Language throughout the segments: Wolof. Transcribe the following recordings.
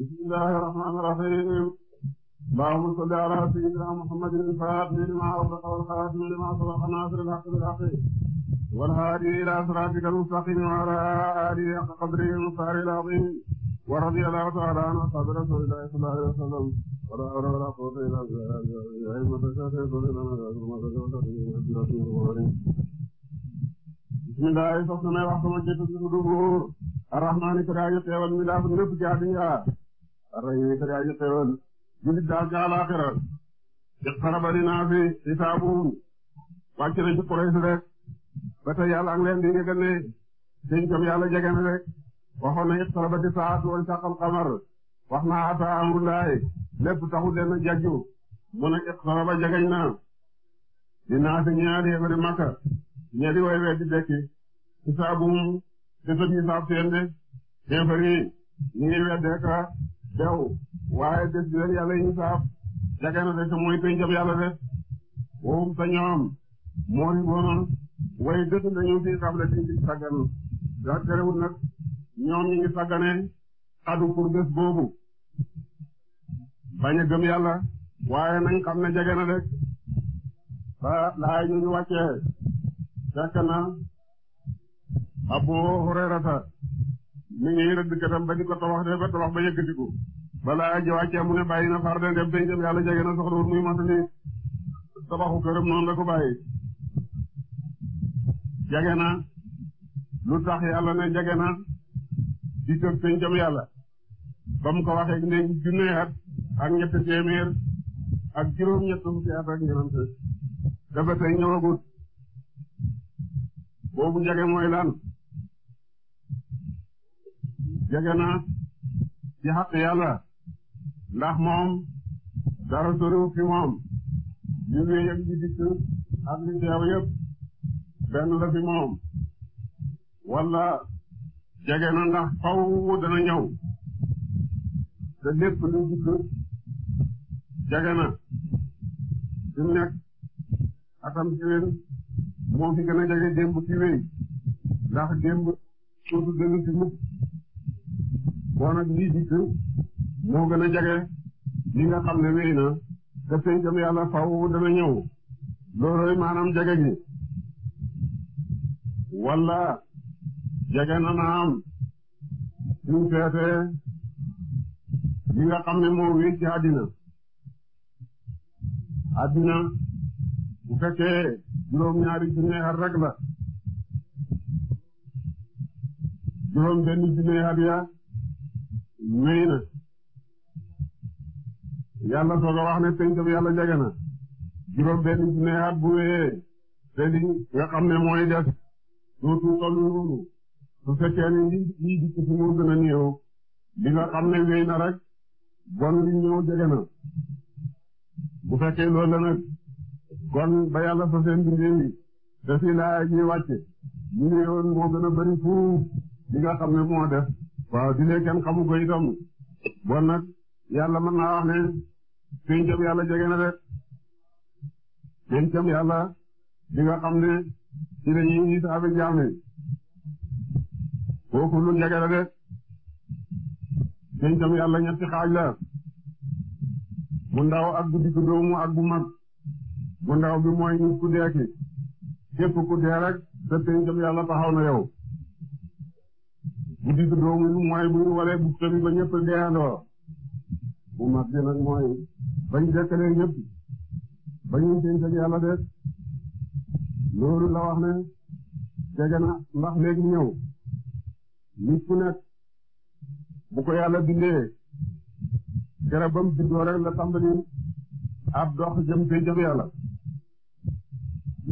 bismillahi rahmaani rahiim allahumma salli ala sayyidina muhammadin al-faatihi limaa ughliqa wal khaatimi limaa sabaqa naasiril haqqi bil haqqi wal haadi ila siraatikal mustaqiim wa ala aalihi haqqa qadrihi miqdaarihil aziim wa radiyallahu ta'aala an ashaabi rasuulillahi sallallahu alayhi wa sallam wala hawla wala quwwata illaa billaah bismillahi soxna may wax sama jëtt ci dubu arrahmaani ko daa yu teewal mi laa ko nëpp ci àddina arrahimi kadi aji xewal julit daal ca alaaxira iqtaraba linnaasi xisaabuhum wàcc na ci Quraysh rek ba tey yàlla leen di yëgal ne dencam yàlla jege rek waxoon na iqtarabati saa'atu wa shaqqal qamar wax na ataa amrullaahi lépp taxu leen a jajju mu ne iqtaraba jegeñ na linnaasi ñaari yéefari Makka ñetti way weddi dekki xisaabuhum te sab hisaab seen de yéefari ñi ngi weddeeka dew waaye des bi leen yàlla xisaab dagana de te mooy pencam yàlla de wowum sa ñoom moo riboonoon way dëkk lañu fii xable di di saggan da terewul nag ñoom ñi ngi saggane adu pour bés boobu bañ a gëm yàlla waaye nañ xam ne jege na rek ba laay ñu ngi wàccee fekk na Abu Hurayrata mi ngi rëdd katam ba di ko tabax de ba tabax ba yëkkatiku balaa aji wàccee mu ne bàyyi na far de dem pencam yàlla jege na soxlawul muy matali tabaxu këram noonu la ko bàyyi jege na lu tax yàlla ne jege na di kër pencam yàlla ba ko waxee ne junne at ak ñett téeméer ak juróom ñett fukki at ak ñeneen te dafa tey ñëwagut boobu jege mooy lan jege na ci xaq yàlla ndax moom dara soriwul fi moom li muy yëg di dikk ak li teew yëpp benn la fi moom wala jege na ndax faw dana ñëw te lépp lu dikk jege na fi nekk atam ci wér fi gën a jege démb ci wéy ndax démb surtout dëgg ci mukk bon nag lii dikk moo gën a jege li nga xam ne wéy na te pencam yàlla faw dana ñëw loolooy maanaam jege gi walla jege na naam suñ feetee li nga xam ne moo wéy ci àddina àddina bu juróom ñaari junne at la juróom benn junne at ya na yàlla soog a wax ne pencam yàlla jege na juróom benn junne bu wéyee te nga xam ne mooy des su fekkee ni lii lii dikk fi moo gën a néew li nga xam ne wéy na rek bon li ñëw jege na bu fekkee loolu la nag kon ba yàlla fa seen bindee yi te si laa ñuy wàcce ñu ne yoon moo gën a bari fuuf li nga xam ne moo des waaw di kenn xamu ko itam bon nag yàlla mën naa wax ne pencam yàlla jege na de pencam yàlla bi nga xam ne ci la ñuy hisaabe jaam yi foofu lu jege la de pencam yàlla ñetti xaaj la bu ak bu digg doomu ak bu mag bu bi mooy nit ku dee ki ku dee rek sa pencam yàlla taxaw na yow bu digg doomu mooy bu ñu bu tëbi ba ñëpp deeandoo bu mag bi nag mooy bañ dekkalee ñëpp bañuñ seen sëg yàlla de loolu la wax ne jege na ndax léegi ñëw nit ku bu ko yàlla bindee garab ba mu bindoo rek la tàmbali ab dox jëm te jëm yàlla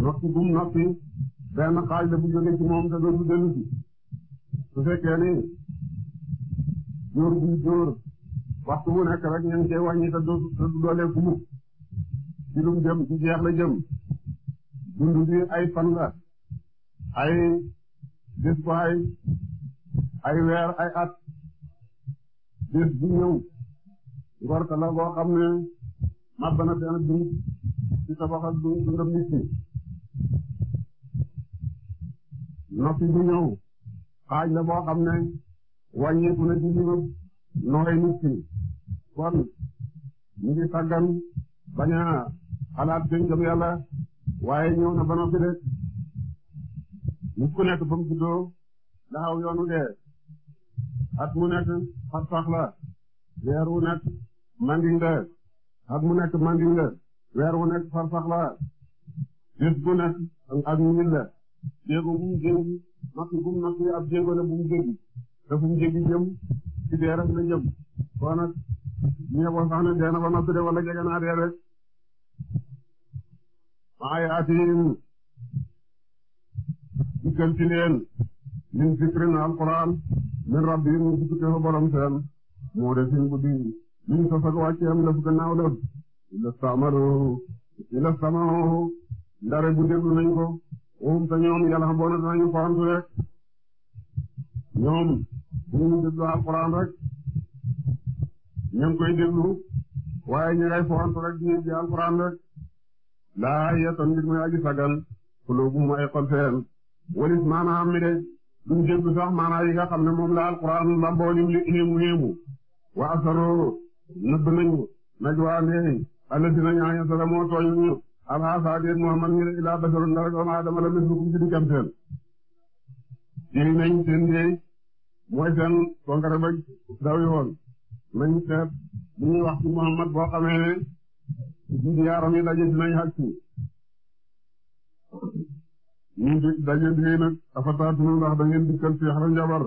noppi bu mu noppi benn xaaj la bu jóge ci moom te dootu dellu si su fekkee ni jóor bu jóor waxtu bu nekk rek ñu ngi koy wàññi te du du jëm ci jeex la jëm dund bi ay fan la ay bis bu ay ay weer ay at bis bu ñëw ngorta la boo xam ne màbb na seen dund ci tabax ak dund dundam nit bu ñëw xaaj la boo xam ne wàññeeku na ci dund nooy nit kon ñu ngi tàggan bañ a xalaat jëngam yàlla waaye ñëw na ba noppi de ku nekk ba mu juddoo daxaw yoonu dee at mu nekk xat la weer wu nekk manding la at mu nekk manding la weer wu nekk farfax la bés bu nekk ak mil la jéego bu mu jéegi nokki bu ab jéego la bu mu jéegi te fu mu jéegi jëm ci dee ñu yeboon sax ne dee na ba noppi de wala jege naa dee rek maa yaatihim dikkal ci leen min fikrin alquran min rabbihim ñu si tukkee fa borom seen moo de sin guddi min sos ak wàcceem daf gannaaw lëb ila stamaro ndare bu déglu nañ um te ñoom yàlla xam boona danañu xorantu rek ñoom bu ñu déglu alquran rek ñu ngi koy déglu waaye ñu ngay fowantu rek ñu di alxuraan rek laa yettan ngir muy aji sagal xulóobum ay xol seen walis maana am mi de duñ déglu sax maana yi nga xam ne moom la alxuraan lamboo lim li xéemu xéemu wa asaro nëbb nañu naj waa neey alladina ñaaña sala moo tooñ ñu alxaasaa déet muhammad ngi de ilaa basarun na rek doomu aadama la mislukum ci dikkam seen jëriñ nañ seen déey mooy seen konkare ba daw yoon nañu seet li ñuy wax ci Muhammad boo xamee ne jiw yaaram yi daje dinañ xaj ci ñun di daje di ngeen a afataatunu ndax da ngeen dikkal fi xaram jabar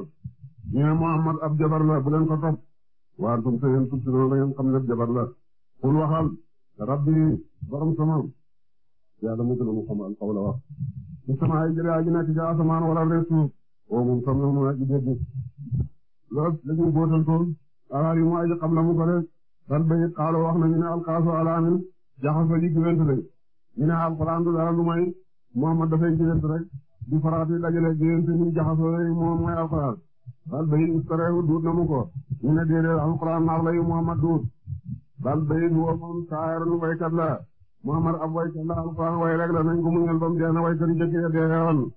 ñu ne Muhammad ab la bu leen ko topp waaye comme que yéen tuuti noonu da ngeen ne jabar la. xul waxal rabbi borom sama yàlla mu gën a mu xamal xaw la wax ci sama ay jërëjëf nekk ci asamaan wala reesu woo moom sama moom laaj bi dégg la ñuy góotal tool. alali mu aji xam la mu ko def bal ba ñu xaaloo wax nañu ne alxaasu alaamin jaxasoo ji juwent lañ ñu ne alxuraan du dara lu may Muhammad dafay juwent rek di faraati dajale juwent ñu jaxasoo rek moom mooy alxuraan bal ba ñu duut na mu ko ñu ne déedéet alxuraan naaf la yu Muhammad duut bal ba ñu woo moom saayarun waykat la Muhammad ab waykat la alxuraan way rek la nañ ko mu dee na waykat njëkk ya deewoon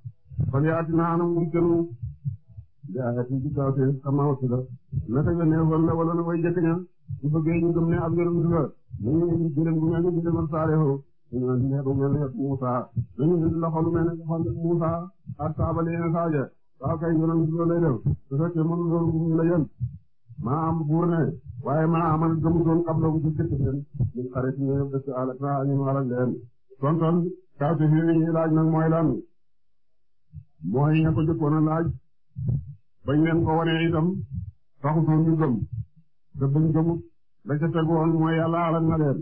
kon yaati naa na mu gënu yaa naka yónnee woon la wala na way njëkk ña su bëggee ñu gëm ne ab yonent la nañu indi gëlëm bu mel ni gëlëmal Saalihu ñu indi xeet bu mel ni xeet Muusaa nañu indi loxo lu mel ni xol Muusaa ak saaba leen saaja kay yonent la lay def su fekkee mënu loolu ñu la maa am buur ne waaye maa amal gëmu doon xam loolu ci dëkk seen ñu xare ci ñoom na ñu alak leen tonton kaafi fi ñu laaj nag mooy lan mooy ña ko jëkkoon a bañ leen ko wanee itam taxutoon ñu gëm te buñ gëmut la ca tegu woon mooy yàlla alal na leen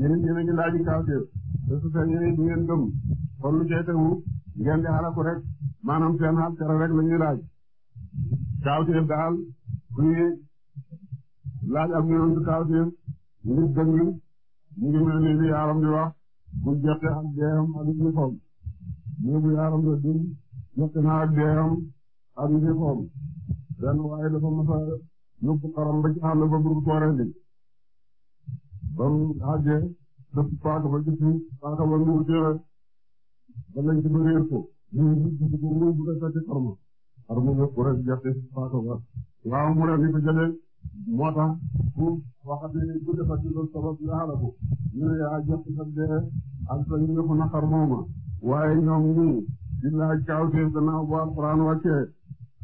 yéen it yéen a ngi laaj kaafir te su fekkee yéen it ngeen gëm kon lu cay tegu ngeen di xalaku rek maanaam seen xal tere rek la ñuy laaj kaafir daal kuy laaj ak yoon bi kaafir ngir dëng mu ngi mel ni li yaaram di wax muy jotte ak deeyam ak uniforme mu bu yaaram di dund jotte naa ak deeyam ak uniforme benn waaye dafa mos a yóbbu xorom ba ci àll ba bu dul sooree bi ba mu àggee dëpp paaka ba ci suuf paaka ba mu ba lañ ci ba réer a ba waaw mu ni ko jëlee moo tax bu waxati bu defar ko ñu ne yaa gerte sa dee ak sa ñu waaye ñoom ñu di laaj kaaw teef gannaaw bu alxuraan wàccee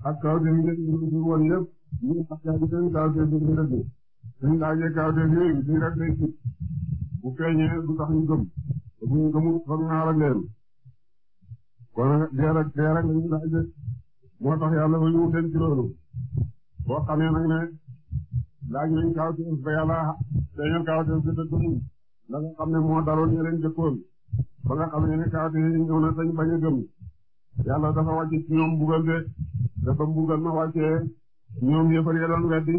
ak kaw te ñu leen ñu woon yëpp ñu ngi xasee ak seen kaw te duñ laajee kaw te yooyu laajee moo tax yàlla ba ñu leen ci boo xamee nag ne laaj nañ ba yàlla feeñal kaw te bi te la nga xam ne moo daloon ñu leen jëkkoon ba nga xam ne ne kaw te yi na sañ bañ a gëm yàlla dafa wàcc ñoom bugal de dafa mbugal ma wàccee ñoom yëfar ya doon weddi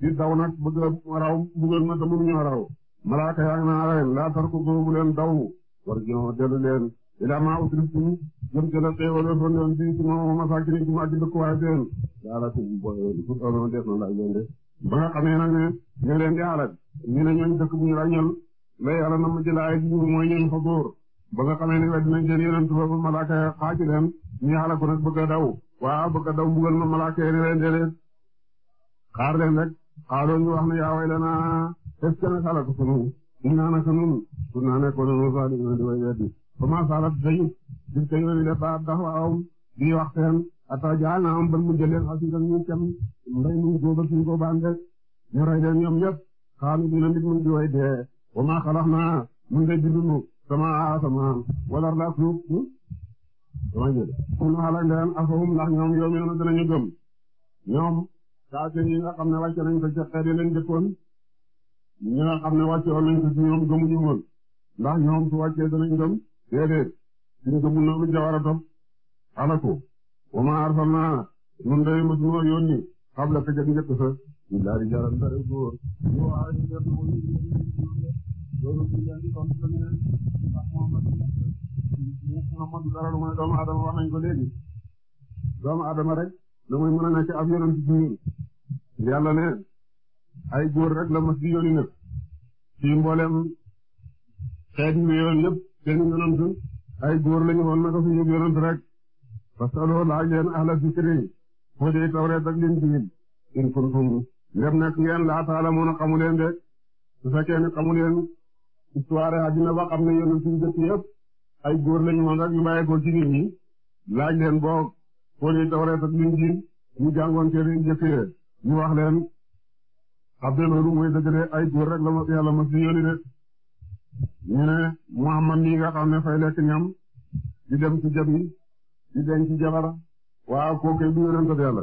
di daw nag bëgg a raw ma te mënuñoo raw malaaka naa leen laa tarku goobu leen daw war ñoo dellu leen ilaa maa utriftum jëm ca la xéewale fa leen di ci moom masaakin ci mu àgg dëkkuwaay seen laalakum booy pour ono def na laaj leen ba nga xamee nag ne leen di xalaat ñu ne ñooñ dëkk bu la yàlla na ma jëlaay bi mooy ñooñ fa ba nga xamee weddi nañ seen yonent ba malaaka xaaci leen bëgg a waaw ba a daw mbugal ma malaaka yi ne leen de leen xaar leen rek xaaroo ñu wax ne yaa way lana est-ce que na xalaat ko sunu naa naka nun su naa nekkoon noonu sax di na di way weddi ba ma salat dañu gis kañ la ñu def ba tax waaw di wax seen ata jaal na am ban mu jëleen xasidan ñu cam mbay mu góoba suñ ko baan rek ñu rey leen ñoom ñëpp xaalu dina nit mu di way dee wa ma xalax naa mun de bindunu sama a sama wala la suuf rajul kon halak leen afahum ndax ñoom yu'minuuna danañu gëm ñoom kaafir yi nga xam ne wàcce nañ ko ci xeet leen jëkkoon ñi nga xam ne wàcce woon nañ ko ñoom gëmuñu woon ndax ñoom su wàccee danañ gëm déedéet suñ gëmul na lu jawar a topp alaku wa ma arsalnaa nun day mësunoo yónni xabla ka jëg njëkk sa illaa rijaalan dara góor Muhammad dara lu mooy doomu adama wax nañ ko léegi doomu adama rek lu muy mën a nekk ab yonent ci ñun ne ay góor rek la mas di yónni nag mboolem xeet ñu yoon yëpp seen yonent ay góor lañu woon naka rek parce que loolu laaj leen ahla zikri foo dee tawreet ak linjiil in kuntum ndem nekk ngeen laa ta'lamuuna xamu leen de su fekkee ne xamu leen histoire àddina xam ne yonent yu jëkk yëpp ay góor lañu woon rek ñu bàyyi ci nit ñi laaj leen boo xooli Tawreet ak Linjiil ñu jàngoon te leen jëkkee ñu wax leen xam ne loolu mooy dëgg ay góor rek la ma yàlla ma si yónni de ñu ne Muhammad nii nga xam ne fay lekk ñam di dem ci jab yi di denc ci jabar waaw koo du yonent yàlla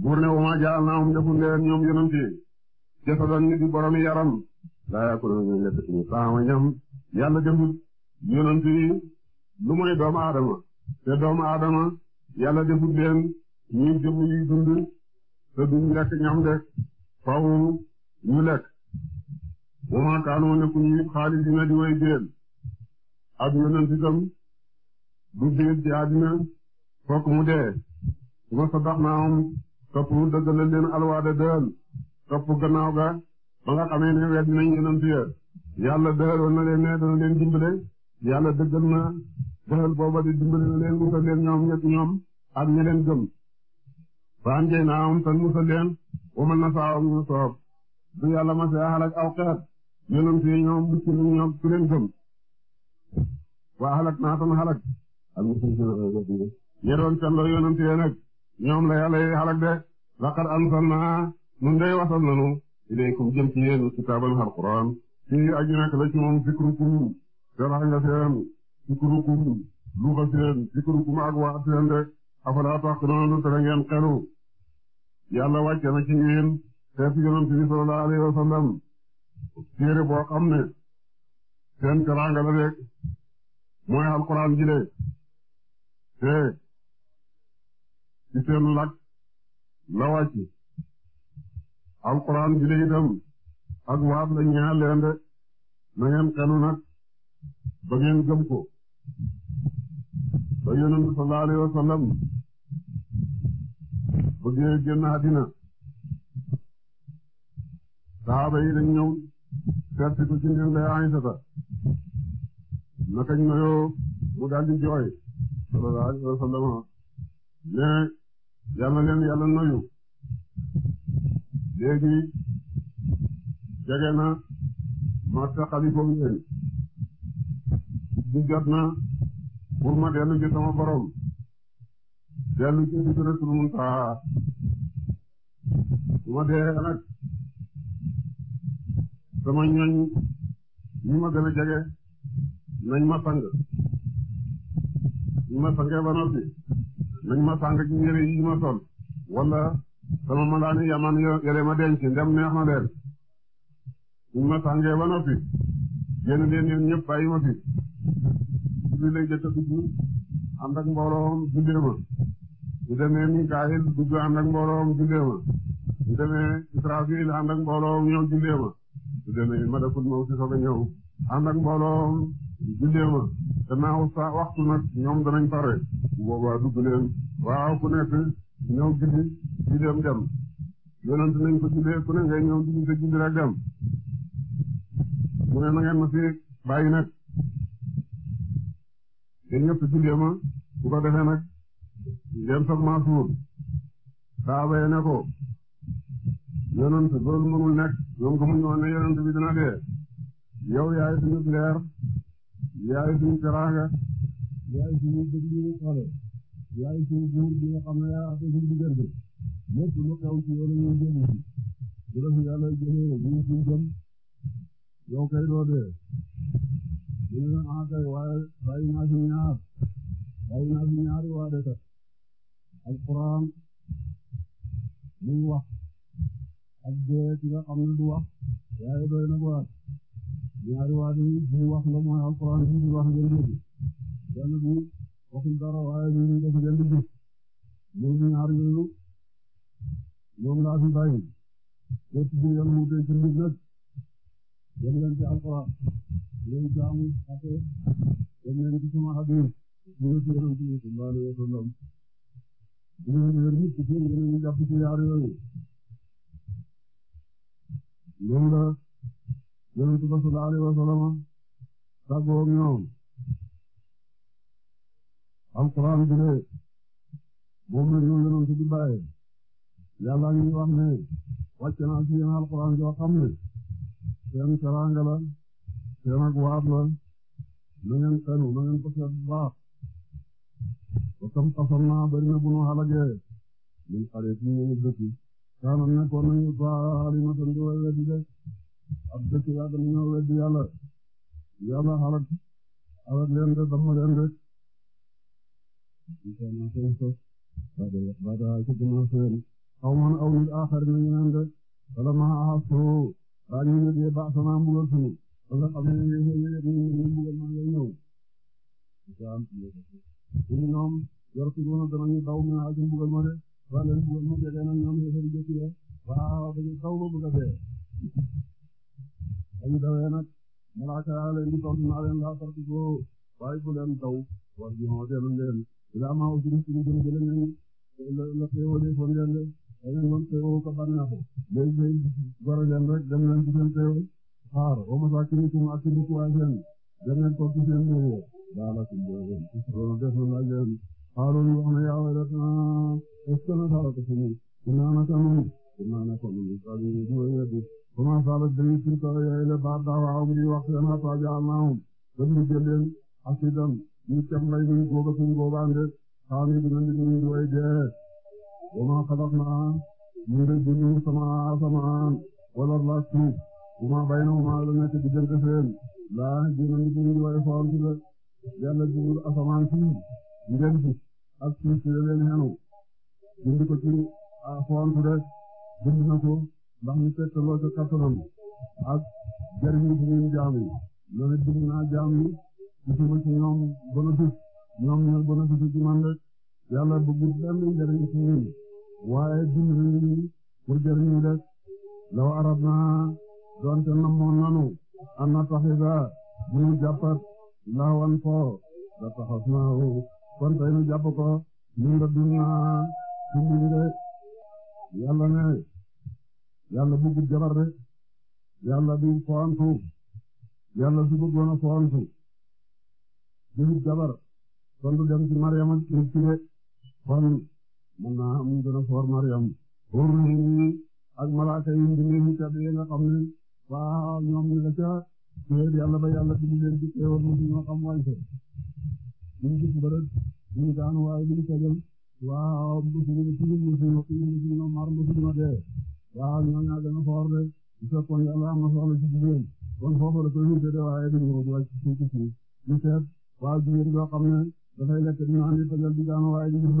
buur ne wama jaal naa um deful ñoom yonent yi jasadan ni di borom yaram laa yàqu na lekk ci ñam yàlla jëfut yonent yi lu mooy doomu aadama te doomu aadama yàlla defut leen ñuy jëm yuy dund te duñ lekk ñam de faaw ñu lekk wa maa kaanu nekkuñu xaalidina di way déel ab yonent itam du déel ci àddina fokk mu dee su ma sa dax naa am leen alwaada dëhël topp gannaaw ga ba nga xamee ne wedd nañ yonent ya yàlla dëhël na leen dana leen dimbale yàlla dëggal na defal booba di dimbali leen musal leen ñoom ñëpp ñoom ak ñi gëm fa njëy naa am tan musal leen waman na saawam ñu soob du yàlla ma see xalak aw xeet yonent yi ñoom bu ci lu ñoom ci leen gëm waa xalak naa tan xalak ak ñi doon canloo yonent yi ñoom la yàlla yi xalak de laqad anzalnaa nun dey wasal nanu ilaykum jëm ci yéen kitaabal alquran fii aju nekk la ci moom zikrukum Jalaña seen dikkurukum Luga seen dikkurukum ak waa seen rek afalaa taqiluun tere ngeen xelu yàlla wàcce na ci yéen xeetu yonent bi sallallahu alayhi wa sallam téere boo xam ne seen teraanga la rek mooy alquran ji le te ci seen làkk la wàcc alquran ji le itam ak waat la ñaan leen de na ngeen xelu nag ba ngeen gëm ko ba yonent sallallahu alayhi wa sallam bëggee génn àddina saxaaba yi dañ ñëw seet ko ci ndir lay Aysata naka ñu nuyoo mu daal jooy sallallahu alayhi wa ne yàlla leen yàlla nuyu léegi jege na ma xalifa ngeen bi jot na pour ma dellu ci sama borom dellu ci Sidratul Muntaha su ma dee nag sama ñooñ ñi ma gën jege nañ ma sang ñu ma sangee ba noppi nañ ma sang ci yére yi ma sol wala sama malaani yaman yére ma denc ndem neex na leen ñu ma sangee ba noppi génn leen yéen ñëpp ma fi julli lay jëkk a dugg ànd ak mbooloom jullee ma bu demee Mikaayil dugg ànd ak mbooloom jullee ma demee Israfil ànd ak mbooloom ñëw jullee ma bu demee Malakul Mawt soog a ñëw ànd ak mbooloom jullee ma gannaaw waxtu nag ñoom danañ pare bu boobaa dugg leen waaw ku nekk ñëw julli julleem dem yonent nañ ko jullee ku ne ngay ñëw julli sa rek dem mu ne na ngeen ma fi bàyyi nag yéen ñëpp jullee bu ko defee nag ngeen soog maa suur saaba yi ne ko yonent loolu ñoom ko muñ woon ne yonent bi dee yow yaay suñu leer yaay suñu teraanga yaay suñu dëgg yi ñu xoole yaay bi nga xam lu xew ci yow la ñuy jëm ci bu def doo dee waaye bàyyi naa fi ñaar bàyyi naa fi ñaari waa de kat alquran lu mu wax waaye doy na ko waat ñaari waa de wax nga mooy alquran bi di wax ngeen dégg benn bi waxul dara waaye bi ñu def ngeen di gis ñoom ñaar bu ngeen ci nit nag dem leen ci ñu leen ci sama xadim ñu ci yoon ci sallallahu alayhi wa sallam ñu ñu ñu ci ñu ñu jàpp ci yaar yooyu loolu la yoon ci sallallahu alayhi wa sallam tàggoo ñoom alquran bi ne moom la ñu yoon ci di bàyyi yàlla ñu wax ne wàcc naa teewal bu baax lool na ngeen xelu baax ba tam xasoon naa bari na bu min xale si ñu dëkk kaana nekkoon nañu ba alimatan di way weddi ab dëkk yàgg nañoo weddi yàlla yàlla xalag xalag leen de dama leen de aw man aw nit aaxar nañu naan de bala maa axas soo baa ñu yëgee baax ba nga xam ne ñoom ñooy ñëw ñoom ñooy ñëw. ñun ñoom yor si ñoom danañu daw ñu naan ak ñu bëggoon moo de waaye nag ñu bëggoon moo de danañ ñoom ñu ngi koy jënd waaw dañuy daw ba bëgg a dee. dañu dawee nag malaaka yaa leen di tontu naa leen laa sorti ko waaye bu leen daw war ji moo dee nañ leen ila ma aussi ñu suñu jëm jëlee nañ la la xéewal yi fon leen de dañu doon xéewal ko bànneexu léegi-léegi war a leen rek dem leen ci seen xéewal xaar wa masaakinukum ak seen dëkkuwaay seen dem leen toog ci seen mbir yi daalakum loolu def na laaj leen xaaroon wax na yaa waylatana est-ce que na saala ko sunu inaa naka nun inaa naka nun saalim du baat daawaaw mu wax seen a taajaal naahum dem ñu jël leen asidan ñu cam lay ñu góoba suñ góobaande xaami dina li ñu du way dee wala laas uma bay na uma la nekk diggante seen laa dina ngi dina ngi way foon ci la yàlla jubul asamaan si ngeen fi ak suuf si la leen xenu dindi na ko ndax ñu fekk loo ca kattanam ak jëriñu ci ñun jaam yi loolu dindi naa jaam yi gisuma ci ñoom bénéfice ñoom ñoo bénéfice ci man rek yàlla bëggul benn njëriñ ci ñun waaye dindi nañu pour jëriñu rek law arab naa doonte namoon nanu an na taxisa nu jàppat lawan fo la taxas naahu kon tey nu jàpp ko min da dunna ci mbinde jabar rek yàlla du fowantu yàlla su bëggoon a fowantu jabar kon du dem Mariam ak ci de kon mën foor Mariam pour ak malaaka yi mbinde yi ca waaw ñoom ñu nga ca nawet yàlla ba yàlla dindi leen di teewal ñu ñoo xam wàññi ko ñu gis nga ñu daan waaye duñu ñoo ñaa gën a foor rek su fekkoon yàlla am na soxla ci jigéen kon foofu la ko ñu tëddee waaye duñu ko wàcc ci ci yoo xam ne dafay lekk ñu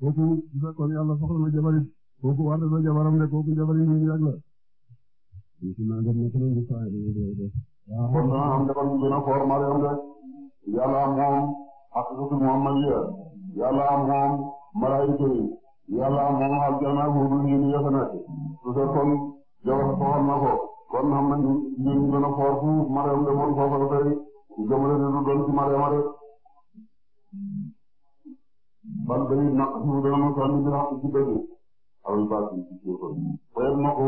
kooku su fekkoon yàlla soxla na jabarit kooku war na jabaram de kooku jabarit ñu yàgg la bisimilah. kon dana am defal ñu gën a koor Mariam de yàlla moom xaqiqatu muhammadiyya yàlla moom malaayika yi yàlla moom aljana hudu yi ñu yëfa nekk su dee kon jaww soxal na ko kon xam nañu ñu gën a koor fu Mariam de moom foofa tey jëmale ni du doon ci Mariama de bal day naq su dee mu sànni bi xaq ci dëgg awi baat yi ci suuf xëy na ko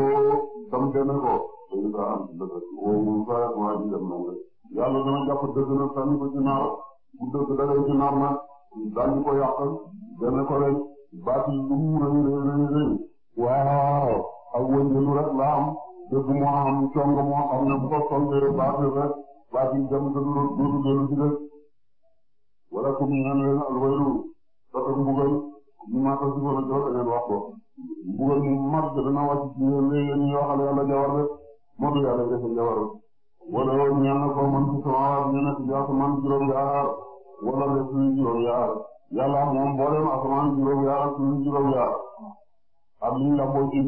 tam ah, demee ko. loolu daa am ci dëgg woo moom saa yàq waa ji dem na nga. yàlla na sànni ko ci naar ko yàqal ko leen baat yi lu mu rëy rëy waaw ak la am dëgg moo am cong moo xam ne bu ko sonkee baat yi rek baat yi dem te du doon dootu dellu ci wala comme ñu naan leen ñu ma ko jugoon a jox da ngeen wax ko mbugal mu mag dana wàcc ci yéen ñi waxal yàlla jawar rek moo du yàlla defal wala wala rek suñu juróom yaar yàlla moom mboolem asamaan juróom yaar ak suñu juróom yaar ak liñ la boo ci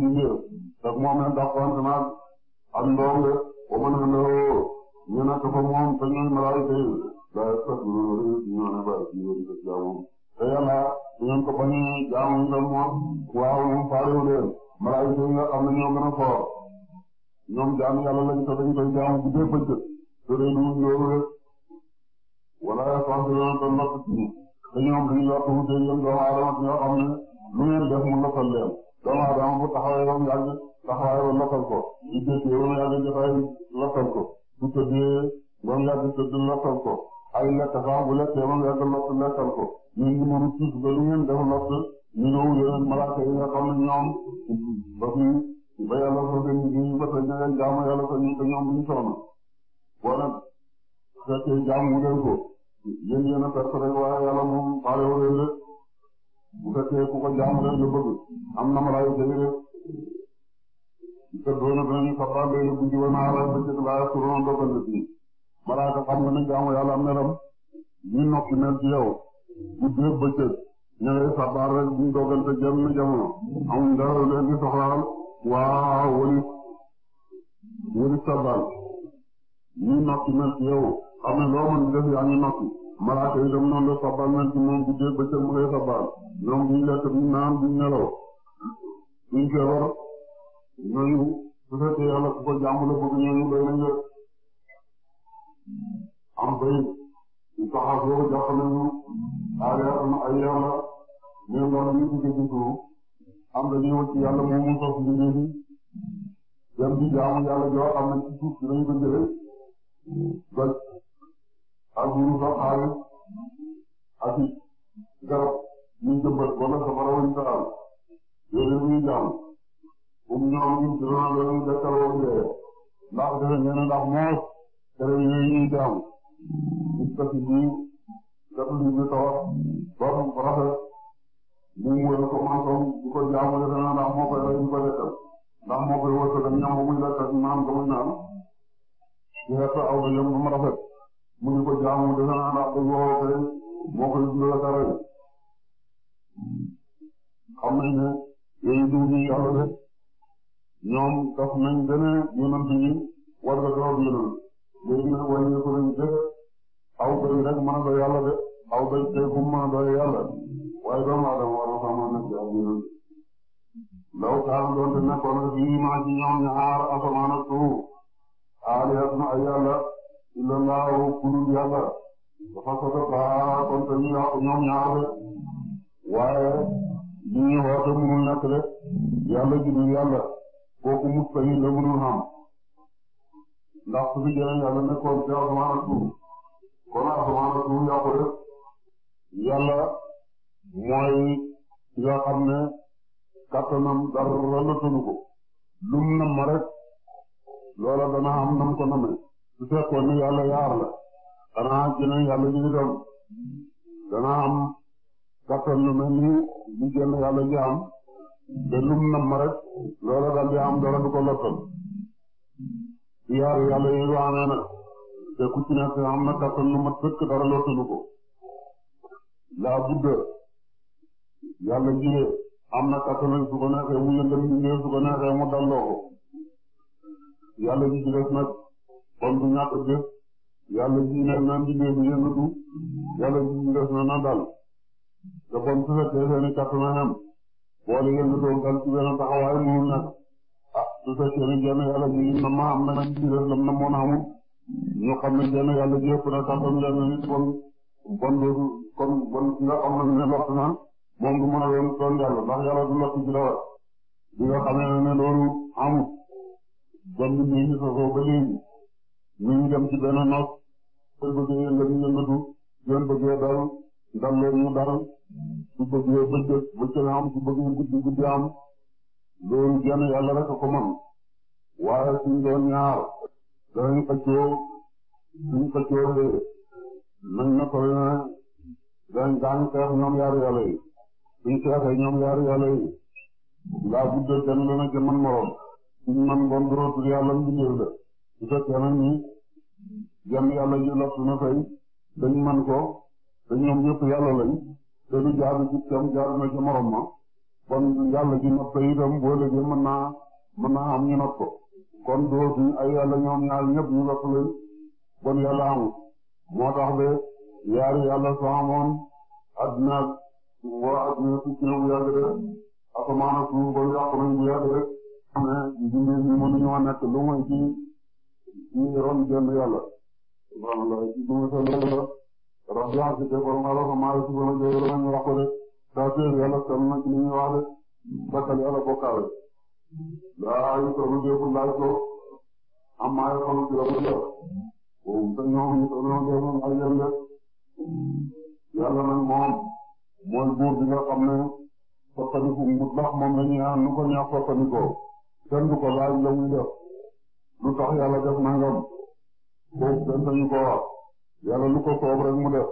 moom lañ dàqante nag ak ndoom rek wa man àndoo ñu nekk fa moom te ñooy malaayika yi. daa yàq sax lu ñu war a yëg ñu ne bàyyi ci yoon bi te ngeen ko bañ a jaamu ngëm moom waaw moom faalewu leen malaayika yi nga xam ne ñoo gën a foor ñoom jaamu yàlla lañ te dañ koy jaamu bu dee bëccëg te dee du loolu rek wala yasantloon te lott ci te ñoom duñ lott wu dee yéen doomu aadama bi nga xam ne lu ngeen def mu lottal leen doomu aadama bu taxawee ba mu yàgg taxawaay ba lottal ko bu jëkkee ba mu yàgg jotaay lottal ko bu tëddee ba mu yàgg tëdd lottal ko ay lekk sax bu lekkee moom yàgg lott lekkal ko ñu ngi mënu tuus ba li ngeen def lott ñu ñëw yeneen malaaka yi nga xam ne ñoom ba fi ba yàlla soo ko ñu ngi ba tey dangeen jaamu yàlla ko ñu ko ñoom duñu soxna boo nag fekkee jaamu leen ko yéen yéen a perte rek waaye yàlla moom faale wu leen de bu fekkee ku ko jaamu rek la bëgg am na malaaka yi rek te doona danañu sabbal leen guddi wa naara ba ci laa suroon dogal na malaaka xam nga ne jaamu yàlla melam ñu noppi mel ci yow guddeeg bëccëg ña ngay sabar rek ñu dogante jenn jamono amuñ dara lu leen di soxlaal waaw walis walis sabbal ñu noppi mel ci xam ne loo mën di yaa ngi noppi malaaka yi dem noonu la sabbal mel moom guddeeg bëccëg mu ngay sabbal ñoom duñ lekk duñ naan duñ nelaw duñ feebar ñooñu su fekkee ku jaamu la bëgg ñooñu doy nañ am bëy yu taxaw foofu jàpp nañu aareetum ay yàlla ñoom daal ñu ngi ci suuf am dañuy wut ci yàlla moom mu sos mbir yi dem jaamu yàlla joo xam ne ci suuf si lañu ko jëlee doj ak wurus ak xaalis ak garab ñu jëmbat wala safara wuñ taal yooyu ñuy jaam um ñoom ñu ci doon leen dekkal woon dee ndax defe ngeen ndax moos tere yooyu ñuy jaamu gis ko ci biir jot lu ñu tawat boppam bu rafet mu wóor ko maanaam bu ko jaamu defe naa ndax moo koy rey ñu ko lekkal ndax moo koy wërsëg ak ñam bu muy lekk ak maam ko muy naan di lekk aw ba yem ba mu rafet mu ngi ko jaamu defe naa ndax dañu woo te moo koy dundal ak a rey xam nañ ne yooyu diw yi yàlla de ñoom daf nañ gën a yónent yi war nga doon yónent léegi nag wàññi ko luñ jëf aw bëri rek mën a doy yàlla de aw bëri tey fu mu mën a doy yàlla waaye doomu aadama war na faa mën a nekk ak ñun. law kaana doonte nekkoon na fii maa ci ñoom ñaar asamaan ak suuf aalihatun ay yàlla illa laahu kulul yàlla dafa sadaqa kon te ñoom ñaar de waaye li ñuy woote mënul nekk de yàlla jubul yàlla kooku mustahil la mënul xam. ndax su fi jëlee yàlla nekkoon ci asamaan ak kon asamaan ak suuf yàqu mooy ki xam ne kattanam dara lëkkanu ko lum nam rek loola dana am nam ko namee su fekkoon ne dana am jëne yàlla dana am kattan lu ni lu jënd ji am te lum nam rek loola daal di dara du ko yaar yàlla yi nga xamee nag te ku ci nekk mat sëkk dara lottalu ko laa budda yàlla jire am na kattan nag su mu yëndal mbindee mu dalloo ko yàlla ji ci des nag jëf yàlla ji nekk na mbindee bi yëndatu yàlla ji ci des na na dal te bon su fekkee seeni kattan a xem boole yëngatoo dal ci benn taxawaay mënul nekk su fekkee ne jenn yàlla ji na ma am na ci biir lam ñu xam ne jenn yàlla ji ëpp na kàttan leen nit kon kon dootu nga xam ne lott na moom du mën a doon doon yàlla ndax yàlla du lott ci dara bi nga xamee ne loolu amul kon nit ñi ñu ba léegi ñu ngi dem ci benn noos su bëggee dal ndam dal su bëggee bëccëg bëccëg am su bëggee guddi guddi am loolu jenn yàlla rek ko mën waaye suñ doon ñaar danañ xëccoo suñ xëccoo de nañ na ko ne dañ daan xeex ñoom yaaru yàlla yi suñ ñoom yaaru yàlla yi laa budde kenn dana ca yàlla mbindeef la su fekkee nag ñi yàlla ji lottu na dañ man ko te ñoom ñëpp yàlla lañ te du jaadu ci kam jaadu na ca morom ma kon yàlla ji not ko itam boo léegi mën na mën naa am ñu not kon dootuñ ay yàlla ñoom ñaar ñëpp ñu not lañ kon yàlla amul moo tax be yaari yàlla soo amoon addina ak suuf si bu yàgg rek asamaan ak suuf ba yàq nañ bu yàgg rek mais mbir mi mënuñoo nekk lu muy ci ron jënd yàlla subhanallah ci duma sa loolu la rabbi ak ci borom ala rek daa téye yàlla sonn na ci li ñuy wax rek bokkal yàlla bokkaale daa yu sonn déeful laaj ko am maa yoo xam ne ci la ko jël te ñoom ñu sonn déeful ay yéen buur bi nga ne soppaniku mutlax moom la ñuy am nu ko ñaax soppanikoo kenn du ko laaj la muy lu tax yàlla def nangam boobu kenn sañu ko wax yàlla lu ko soob rek mu def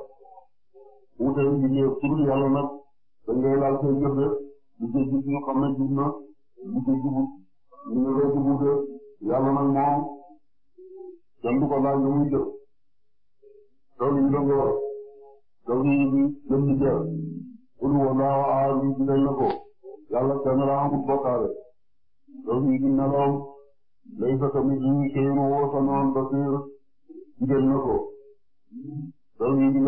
wute yi ñu yëpp yàlla dañ lay laaj say jëf de li ci jub jubut ñu ne la jubut de moom kenn du ko laaj lu muy jëf tool yi dëngoo tool yi jëm di jër na ko yàlla kenn la amul bokkaale tool yi di meloom lay sa tamit yi noon basiir digal na ko tool yi di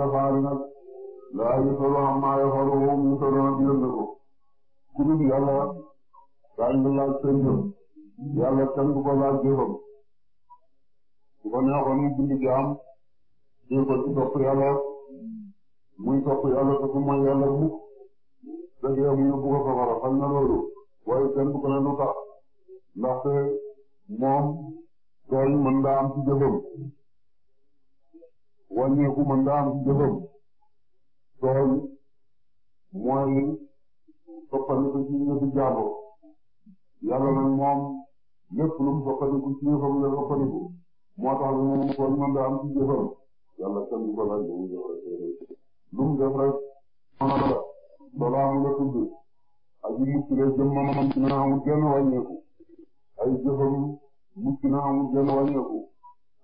laa solo am solo am yëngu na ko. ku dul yàlla daañu ko laaj seen jëf yàlla kenn du ko laaj jëfam su ko jaam jël ko ci topp yàlla muy topp yàlla te fu mooy yàlla mukk dëgg yàlla safara xam na loolu waaye ko ne lu tax moom tooñ mën daa am ci jëfam wàññeeku mën daa tooñ mooy soppandiku ci yëfu jàmbur yàlla nag moom lépp lu mu soppandiku ci yëfam la soppandiku moo tax mu ne kon mën daa am ci jëfam yàlla kenn du ko laaj ba mu def rek lu mu def rek noonu la loolu amul la tudd aji mucc la jëmmam mucc na amul genn wàññeeku ay jëfam mucc na amul genn wàññeeku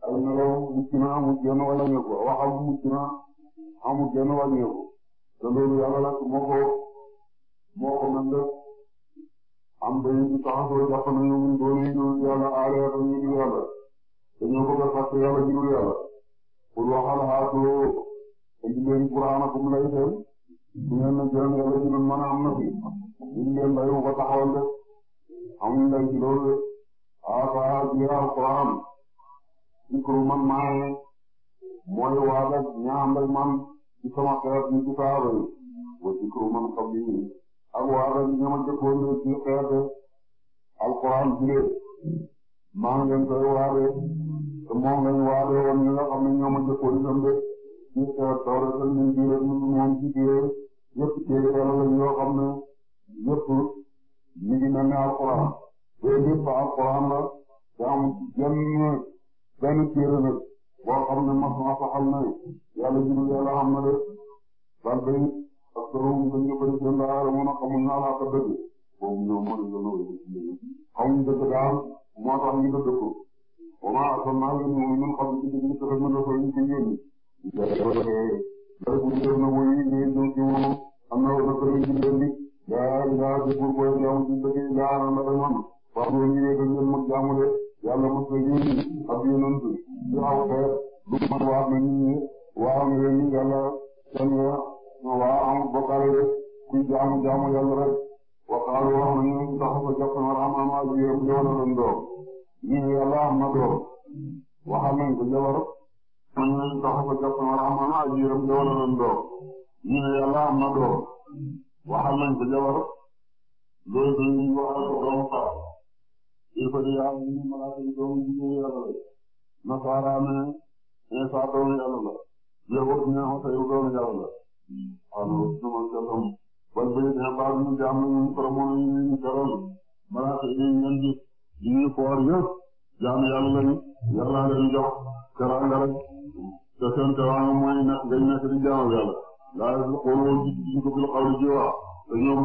ay nelaw mucc na amul genn wàññeeku waxam mucc na amul benn wàññeeku te loolu yàlla la moo ko moo ko mën def am dañu ci taxasoo jàpp nañu mun doon yi dul yàlla aale ak ñu dul ji dul yàlla pour waxal xaatoo indi leen quraanakum lay seen su na jëram yàlla ji dul mën am na fi indi leen lay ko taxawal def amuñ lay ci loolu de aata jiyaa alquran ikru man maaye mooy waag ak ña ànd man ci sama xeet ñi ci saaba yi wa zikru man qablihi ak waag ak ña ma jëkkoon ne ci xeete alquran bile maa ngi leen koy waade te moom lañ waade woon ñi nga xam ne ñoo ma jëkkoon itam de ci xeet tawrat ak ñu jiire ñu moom ci biir yëpp téere yàlla lañ yoo xam ne yëpp ñu ngi mel ne alquran te lépp alquran la te am jenn benn téere nag boo xam ne mos na saxal na yàlla jublu yàlla xam na de bal bay ak soroom gën nga bëri seen daara mën a xamul naa laa ko dëgg moom ñoom moo leen doon xamuñ dëgg daal moo tax ñu dëgg ko wama arsalnaa leen moom ñun xam ci dëgg te mën na ko ñu ko yónni bu def na woy ñëw ñëw ci moom am na wala ko ñu leen di daa daa di pour booy jaamu ci dëgg daara la da moom wax ñu ñu leen mag jaamu de yàlla mos na yéen ak a lu man waat na nit ñi waaw na waa amul bokkaale rek kuy jaamu jaamu yàlla rek waxaalu wax nañu ndax ko jàpp na am am ak yéen ñëw na doon doom ñu ne yàlla am na doom waxal nañ ko jabar am nañ ndax ko jàpp na am am ak yéen ñëw na doon doom ñu ne yàlla am na doom waxal nañ ko jabar loolu il faut que yàlla ñu malaaka yi doomu jigéen yàlla la nasaara amee Isa doomu yàlla la yahuud ñu Usayr doomu yàlla la waaw loolu si man gàllam ban bëri na baal ñu jaam ñu promono ñu ñu gëral malaaka yi ñu leen di ñu ñu foor yëpp jaam yàlla lañu yàlla leen jox teranga rek te seen teranga mooy nekk gañ nekk di jaamu yàlla laa yasbiquunahu bil qawli dañoo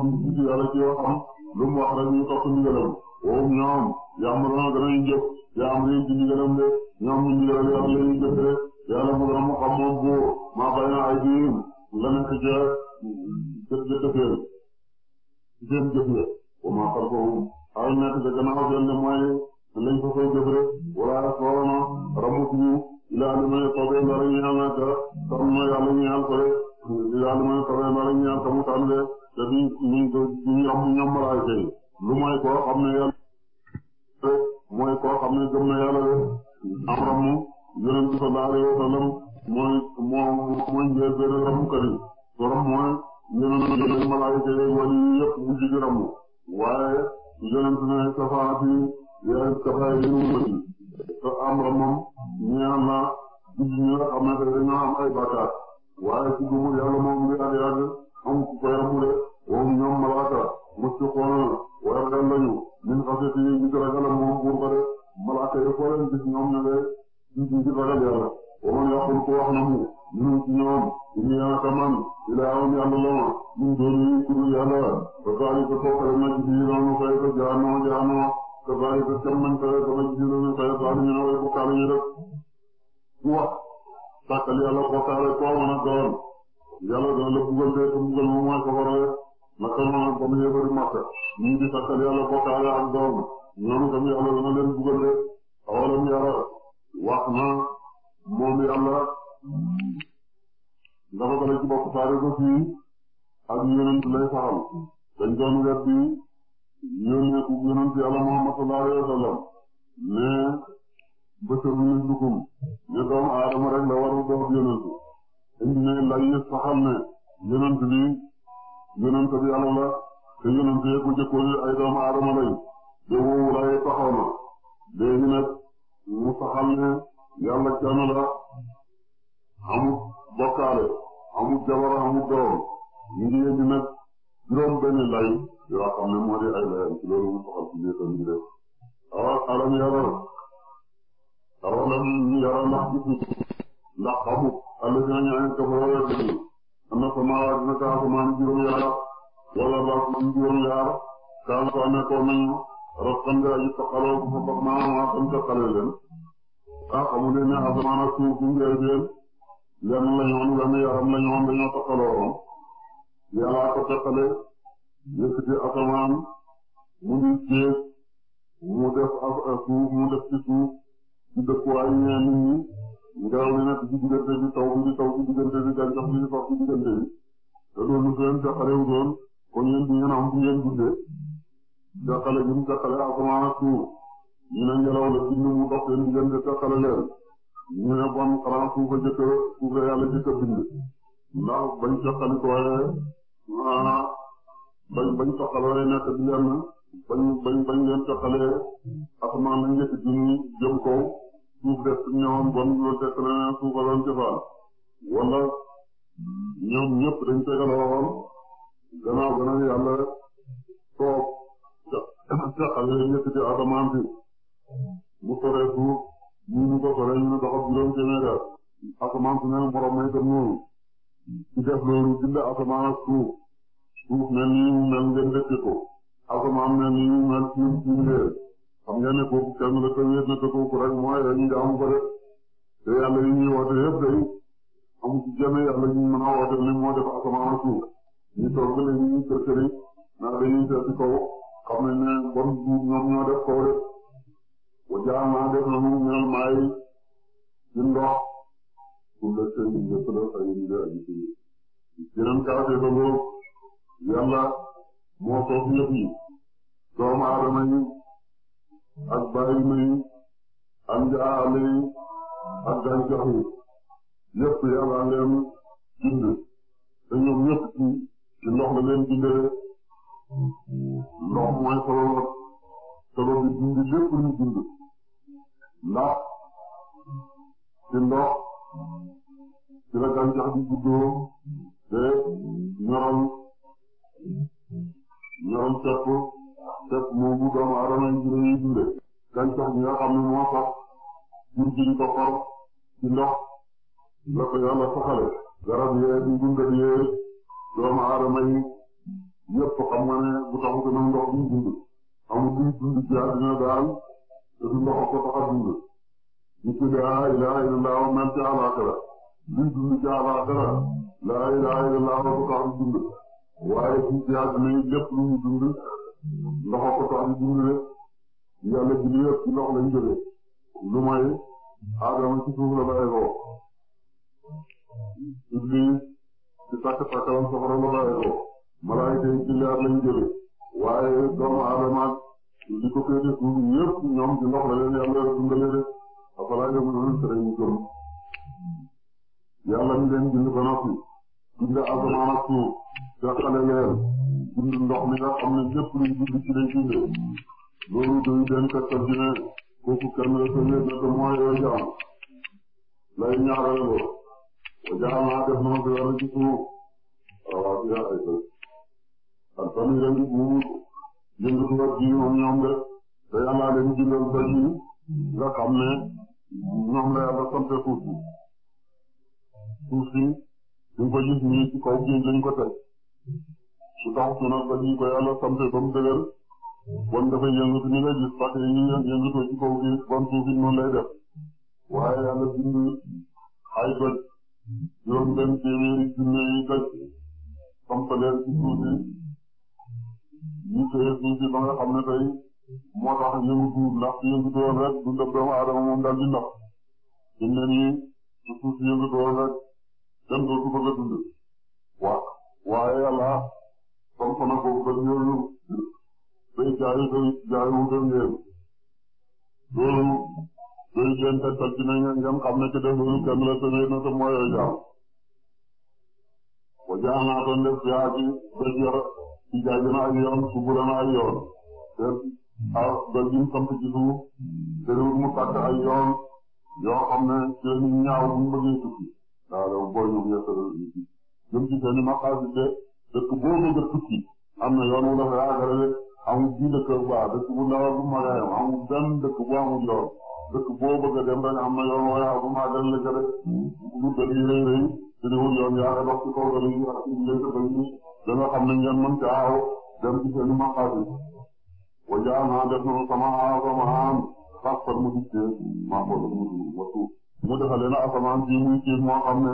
yàlla ci waxam lu mu wax rek ñu topp ndigalam woowu ñoom yàlla danañ jëf yàlla nañ ci ndigalam de ñoom ñu ndigal yàlla lañuy jëf de yàlla mu gën a mu xam moom buur maa bay na ay biir la nekk ca ca ca tefeel seen jëf la wa maa xalfahum ay nekk ca gannaaw seen ne mooy lañ fa fay jëf rek wala soorona ramutuñu ilaa li may soobee ndara ñu am na ca sax na yàlla ñu yàlla ko rek ilaa li may soobee ndara ñu yàlla ko mu tànn de te du ñu am ñoom malaay kay lu mooy koo xam ne yàlla mooy koo xam ne gëm na yàlla de am ramu yonent bi sallallahu alayhi wa sallam mooy moo mooy njël benn ramu kari borom mooy yonent yi malaayika yi wali yëpp mu jigi ramu waaye yonent ne yaa safaa yi ñu wëri te am ramam ñaan la jig ñi nga xam ne dañoo am ay bakkaar waaye ci gëmul yàlla moom ngi ak yàgg am ku koy ramu de woom ñoom mushfiquuna way ragal lañu min xasiyatihi ngir ragalam moom buur ba de malaaka yi foo leen gis ñoom ña ngay gis ngir ragal wa man yaqul ku wax na mu ñun ci ñoom inni naka man ilaahun yàlla la ma min dooni ku dul yàlla fa zaalika tookale ma jisiiloonu fay ko jahannama jahannama ka zaalika kem nañ kale ka ma jisiiloonu fay zaalimiina way bokkaale ñu def ku wax tàkkal yàlla bokkaale koo mën a doon yàlla dana la bugal de te bugal moom mooy safara naka noonu comme yéefaru Makka ñii di takkal yàlla bokkaale ak doom ñoom itam yàlla dana leen bugal de awalam yara wax na moom yàlla dafa ko la ci bokk faare fii ak yonent lay saxal dañ doon wet bi yónnee ku yonent yàlla Muhammad sallallahu alayhi wa la waru doob yonent indi ne lay ne yonent bi yonent bi yàlla la te yonent yee ku jëkkoon ay doomu aadama lañ de woowu lay taxaw na léegi nag mu saxal ne yàlla kenn la amut bokkaale amut jabar amut doom ñu ngi indi nag juróom benn lay yoo xam ne moo di ay layam ci loolu mu saxal ci biir bi de alam yara alam yara ndax gisu ndax xamut allazina ñaan kafaru am na samaawaat na ka asamaan juróom-yaar wala ba asamaan juróom-yaar kaa nga ko nekkoon nañu rastan nga aji taqaloo ko fa bax maanaam maa tam taqalee leen ah xamu leen ne asamaan ak suuf bu ngeen leen lenn la ñoon wenn yaram la ñoon dañoo taqaloo woon yàllaa ko taqale yëkkati asamaan mu ngi ceeb mu def suuf mu def ci suuf ci dëkkuwaay ñeen nit ñi ngelaw li nekk ci diggante bi taw bi di taw ci di dox ci diggante bi te loolu seen jaqale kon yéen du ngeen am fu ngeen dundee jaqale gi mu jaqale asamaan ak suuf ñu la bind mu dox seen diggante jaqale leen ñu ne bon xanaa suuf a jëkk suuf la yàlla jëkk a bind ndax bañ jaqali ko bañ bañ soqaloo nekk di leen bañ bañ bañ leen jaqalee asamaan lañ njëkk jëm kaw. suuf def ci ñoom bon loolu fekk na ne suuf a doon cosaan wala ñoom ñëpp dañ tegal a waxoon gannaaw gannaaw yàlla toog ca xale ñëpp ci asamaan si mu soree suuf ñu ñu ko soree ñu ne doxal juróom téeméer asamaan su ne morom may dem noonu ci def loolu bind asamaan ak suuf suuf mel ni mu mel ngeen dëkk ko asamaan mel ni mu mel ci mu xam ngeen ne kooku kenn la te wéet na te kooku rek mooy rek ñu jaamu ko de te yàlla yi ñuy woote yëpp day amu ci mën a woote ni moo def asamaan ak suuf ñu toog ba léegi kër kër yi ndax dañuy seet ci kaw xam ne bon ñoom ñoo def kaw de wa maa def na mu ñeel maa yi ci ndox pour le seen lépp la ay liggéey ak ci yeneen caractère la boobu yàlla moo toog ñëpp yi doomu aadama yi. ak bayilma yi ak jaale yi ak gàncax yi yëpp yàlla leen bind te ñoom ñëpp ci ci ndox la leen bindee ndox mooy solo solo bi dund lépp luy dund ndax ci la gàncax bi juddoo te ñoram ñoram cepp def moom mu doomu aadama yi dañuy dunde gàncax gi nga xam ne moo sax jur gi ñu ko xor ci ndox la ko yàlla saxale garab yee di dundal yee doomu aadama yi yëpp xam nga ne bu taxut na ndox duñ dund amul luy dund ci àddina daal te du ndox ko tax a dund ñu ci laa ilaaha illallaah wa mel ci àllaaxira luy dund ci àllaaxira laa ilaaha illallaah du tax a dund waaye ci àddina yi lépp lu mu dund loxo ko tax ñu bind lépp yàlla bind lépp ci loxo lañ jógee lu mooy aadama ci suuf la bàyyi ko iblis ci takk takkalam safara la bàyyi ko malaayika yi ci leer lañ jógee waaye doomu aadama li ko féete suuf ñëpp ñoom ci loxo la leen yàlla dundalee de afalaa yamunoon sere ñu gëm yàlla mi leen bind ba noppi bind asamaan ak suuf jaxale leen bind ndox mi nga xam ne lépp luy dund ci lañ dundee loolu day den tegtal ci ne kooku kenn la sa wér na te mooy wa jaam lay ñaareel ba wa jaam a def na ma gërëm ci suuf waaw bi yaa ay bëri ak tamit dañ ko yëngatuwaat ji moom ñoom de te yàlla leen bindal ba ji nga xam ne ñoom la yàlla sant suuf si suuf si ñu ko gis nii ci kaw géej lañ ko teg. su tax mu ne ko ni nga ko yàlla sant ba mu dëgër bon dafay yëngatu ni nga gis parce que ñu yëngatoo ci kaw gi si ñu téye suuf si ba xam ne tey moo tax yëngatu ndax su yëngatu woon rek du def doomu aadama moom daal di ndax suñ ne nii si yëngatu woon rek kenn dootu bëgg a dund waaw waaye yàlla fonk na ko ba ñooñu day jaay day jaay wu gën ngeen loolu day leen tegtal ci ne ngeen xam ne ci def loolu kenn la te wér na te mooy ay jaam wa jaay naa ko ndef yaa ci dëj ya ci jaay na ay yoon subula na ay yoon te ah dëj yi mu sant ci suuf te mu tàkk ay yoon yoo xam ne ci la ñu ñaaw bu ñu bëggee tukki waaw booy ñoom yëpp jëm ci seen i maqaas dëkk boo bëgg a tukki am na yoon wu dafa yaakaar ne amul ji dëkk bu baax dëkk bu ndaw bu mag a yem amul benn dëkk bu amul yoon dëkk boo bëgg a dem am na yoon wu yaakaar bu mag a dem rek lu dëkk yi rëy rëy te di wut yoon kaw dëkk ak ci biir dëkk yi da xam ne ngeen mën ca aaw dem ci seen i maqaat yi. wa def na sama sama am sax fan mu dikkee mu ji muy ci xam ne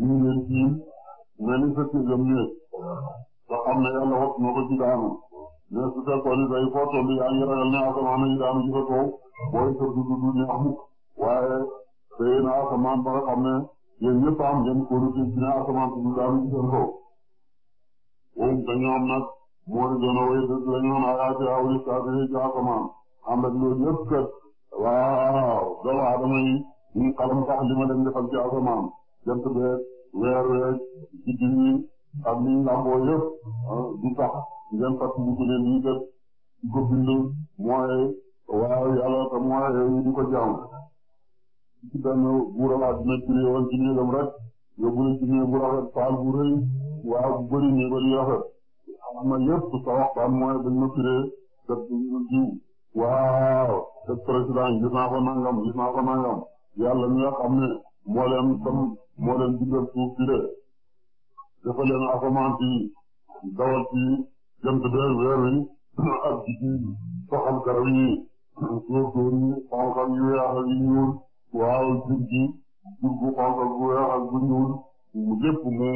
ñu ngi leen ngeen di fekk gëm ñëpp ba ne yàlla wax ko ci daanu mais su fekkoon ne day foo toll yaa ngi ragal ne asamaan nañu daanu ci sa booy sa du du ñaax mukk asamaan ba nga ne yéen ñëpp am ngeen ko ci ne asamaan su du daanu ci seen kaw woom te ñoom nag moo di gën a wéy dëgg la ñu naan ayaati awli saafiri ci asamaan ànd ak loolu yëpp kat waaw doomu aadama yi ñu xalam ci asamaan jant beeg weer weeg guddi yi ngeen fàttaliku ne lii def di ko bind mooy waaye yàlla te mooy di ko jaamu ci benn buuram àddina kiri woon ci néegam rek yóbbu na ci néeg bu rafet saal waaw bu bëri néeg ba rafet am na yëpp sa waxtaan mooy dañ ma firee waaw def président gis naa ko nangam gis naa ko nangam yàlla mi nga xam ne moo leen moo leen bindal suuf si de dafa leen asamaan si dawal si jant bee weer wi ak soxal garab yi suuf góor yu weex ak yu ñuul waaw jur gi jur gu xonqal bu weex ak bu ñuul mu lépp mu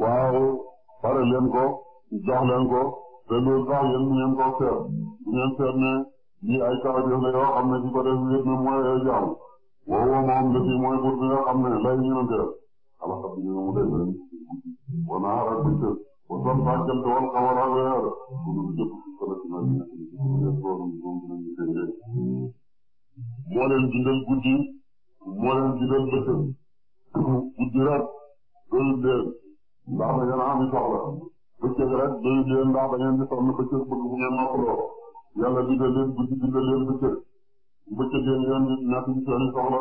waaw pare leen ko jox leen te loolu sax yéen ñu ngeen ko seet ñu ngeen seet ne lii ay kawateef la yoo xam ne ci ko def wér na mooy ay jaam moom dëkk yi mooy bur bi xam ne lay ñu alxam bi ñu ngi mu wana arak bu cëg wasan fa jant wal xamara weer bu dul jëpp kalatina leen doonum doom dinañ ñu téere moo leen bindal guddi moo leen bindal bëccëg guddi rek doyul leen ndax da ngeen am soxla bëccëg rek doyul leen ndax da ngeen di sonn bëccëg bëgg bu ngeen noppaloo yàlla bindal leen guddi bindal leen bëccëg bëccëgee ngeen di nekk ci seen soxla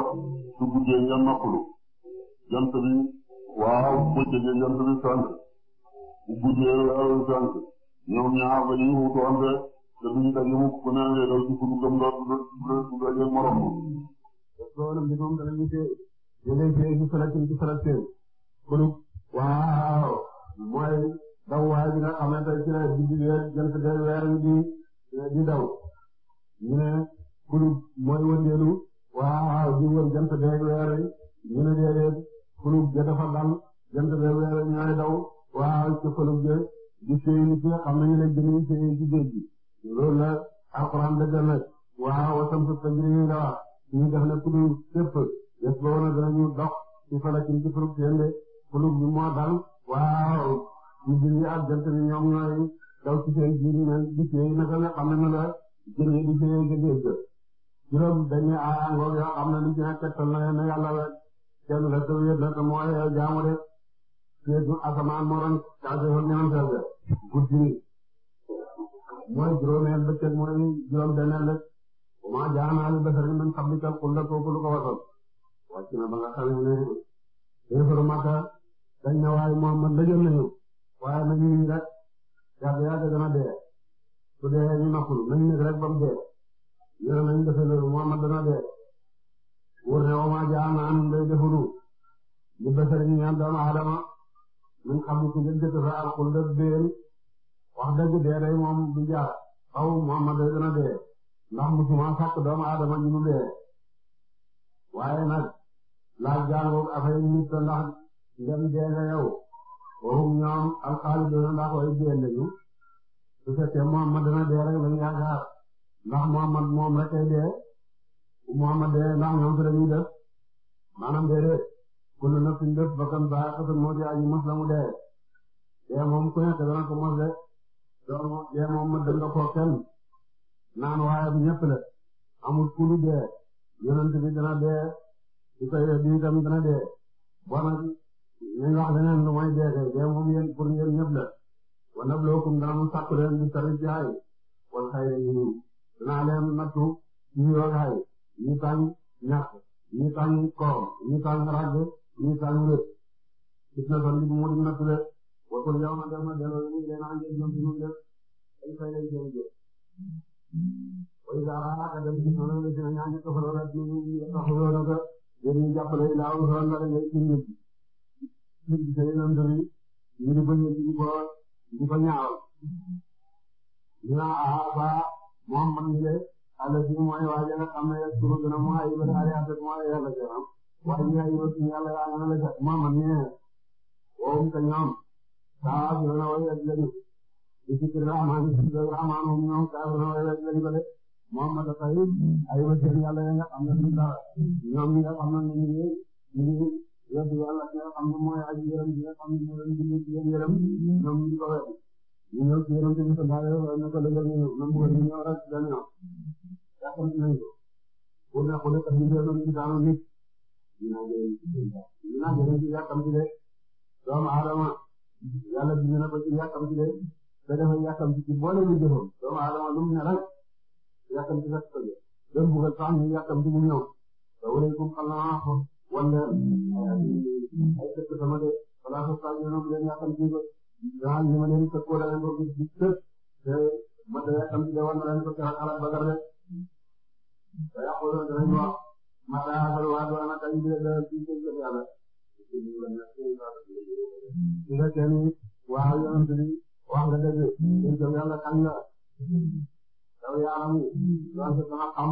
su guddee ngeen noppalu jant bi waaw bëccëg jant bi sant bu guddee weeru sant ñoom ñaar dañuy wutoonte te duñu daje mukk ku ne ngay daw ci kudu gëm doo du daje morom loolu bi moom danañu see dangay see ci salatin ci salatin kulub waaw mooy daw waay bi nga xamante ci la guddi weer jant day weer wi di di daw ñu ne kulub mooy wëndeelu waaw di wër jant day weer ñu ne déedéet fulug ja dafa dal jant be weer ñooy daw waaw ci fulug ja di seeni ci xam nañu ne jën yi seeni ci géej gi loolu la alxuraan dëggal nag waaw wasamtu la wax ñu def na kudu a des ba a danañu dox ci falakin ci fulug seen de a bi moo a waaw jën yi ak jant a ñoom ñooy daw ci seen biir yi di seeni naka nga xam nañu la jën yi di seeni ci géej ga juróom dañuy aaya ngoog yoo xam ne kenn la tëw yëpp nag mooy jaamu de seetu asamaan moo doon caase fa ñoom sel ga guddi mooy juróomeel bëccëg mooy juróom benneel lëg ma jaanaali basarin min qablikal xulda kooku lu ko wasoon wàcc na ba nga xamee ne kéefaru Makka dañ na waaye Muhammad lëjën nañu waaye nañu ñu rek yàgg yàgg dana dee su dee ñu noppul nañu nekk rek ba mu dee yore nañu defee loolu Muhammad dana dee wóor ne wa ma jaanaan li bësal ñu ñaan doomu aadama min xam ne ci ngeen jëkk sa alxul dëgg déen wax dëgg dee day moom musuma sàkk doomu aadama ñu nu dee waaye nag laaj jàngoog afay nit ta ndax ngeen dee nga yow waxum ñoom alxaali doona ndax way dee lañu su fekkee Muhammad dana dee rek lañu yaakaar ndax Muhammad moom kullu nafsin lépp bakkan zaa'iqatul mawti aji mos la mu dee dee moom ku nekk dana ko de dee moom ma danga ko kenn naan waaye ñëpp la amul kulu dee yonent bi dana dee su ko yee tamit dana dee bon nag ñu wax leneen lu may dee dee moom yéen pour yéen ñëpp la wa nabluukum dana mu sàkku leen bi sharri jaay wal xayri yiw danaa leen nattu yiw ak xay yi tàng ñàkk yi tàng koor yi tàng ràgg ñun saa yu rëdd gis na fan yii mu wóor ñu natt leen boo ko jaaw ma dem na delloo yi ñu ngi leen a njëkk ñoom suñu def ay fay lay jëm jëm. waaye daal ah ka dem gis na loolu dina ñaan ñu toog loola ñu ñu tax loola ba dañuy jàppale ilaaw ñu xool nga dem ngay suñu ji. ñu gis ay lan tamit ñu di bañ a ji ko di ko ñaawal. ñu naan ah ba Mouhamad Ndiaye àll bi mooy waajal ak am na yàlla suñu gën a mu ay ba daal di àgg ak mooy yàlla jëram. waaye ñu ay yónni yàlla yaa ngi leen di moom ak ñoom moom te ñoom saa su la wéy ak lañu di zikr rahmaan di zikr rahmaan moom ñoom saa su la wéy ak lañu ko de moom ma dafa it ay yónni yàlla ya nga xam ne ñu dara ñoom ñi nga xam ne ñu ngi ñu ngi yónni yàlla ki nga xam ne mooy aji yërëm bi nga xam ne moo leen di leen yërëm ñoom ñu ko wéy ñu ñëw ci yërëm tamit sa baax yërëm na ko lëgal ñu ñoom bu ko ñu ñëw rek dana ñëw yaakaar nañu ko pour ne xule kat ñu jëloon ci daanu nit dina jëlee ci biir dina jëlee ci yàkkamti de doomu aadama yàlla dina na ko ci yàkkamti de te dafa yàkkamti ci boole ñu jëfam doomu aadama lu mu ne rek yàkkamti rek ko jëf dem bugal sax ñu yàkkamti mu ñëw te wala kum xam naa ko wala ay sëkk sama de balaa ko sax ñu ne leen yàkkamti ko daal ñu ma leen sëkkoo da leen ko gis gis te te ma da yàkkamti de war na leen ko ca xalaat ba gar de te yàqoo doon danañ wax masaa bal waa doon na kañ biir dara ci kër yàlla nga kenn waaw yonent bi wax nga dëgg kër yàlla kañ la taw yaaram yi doon sama xam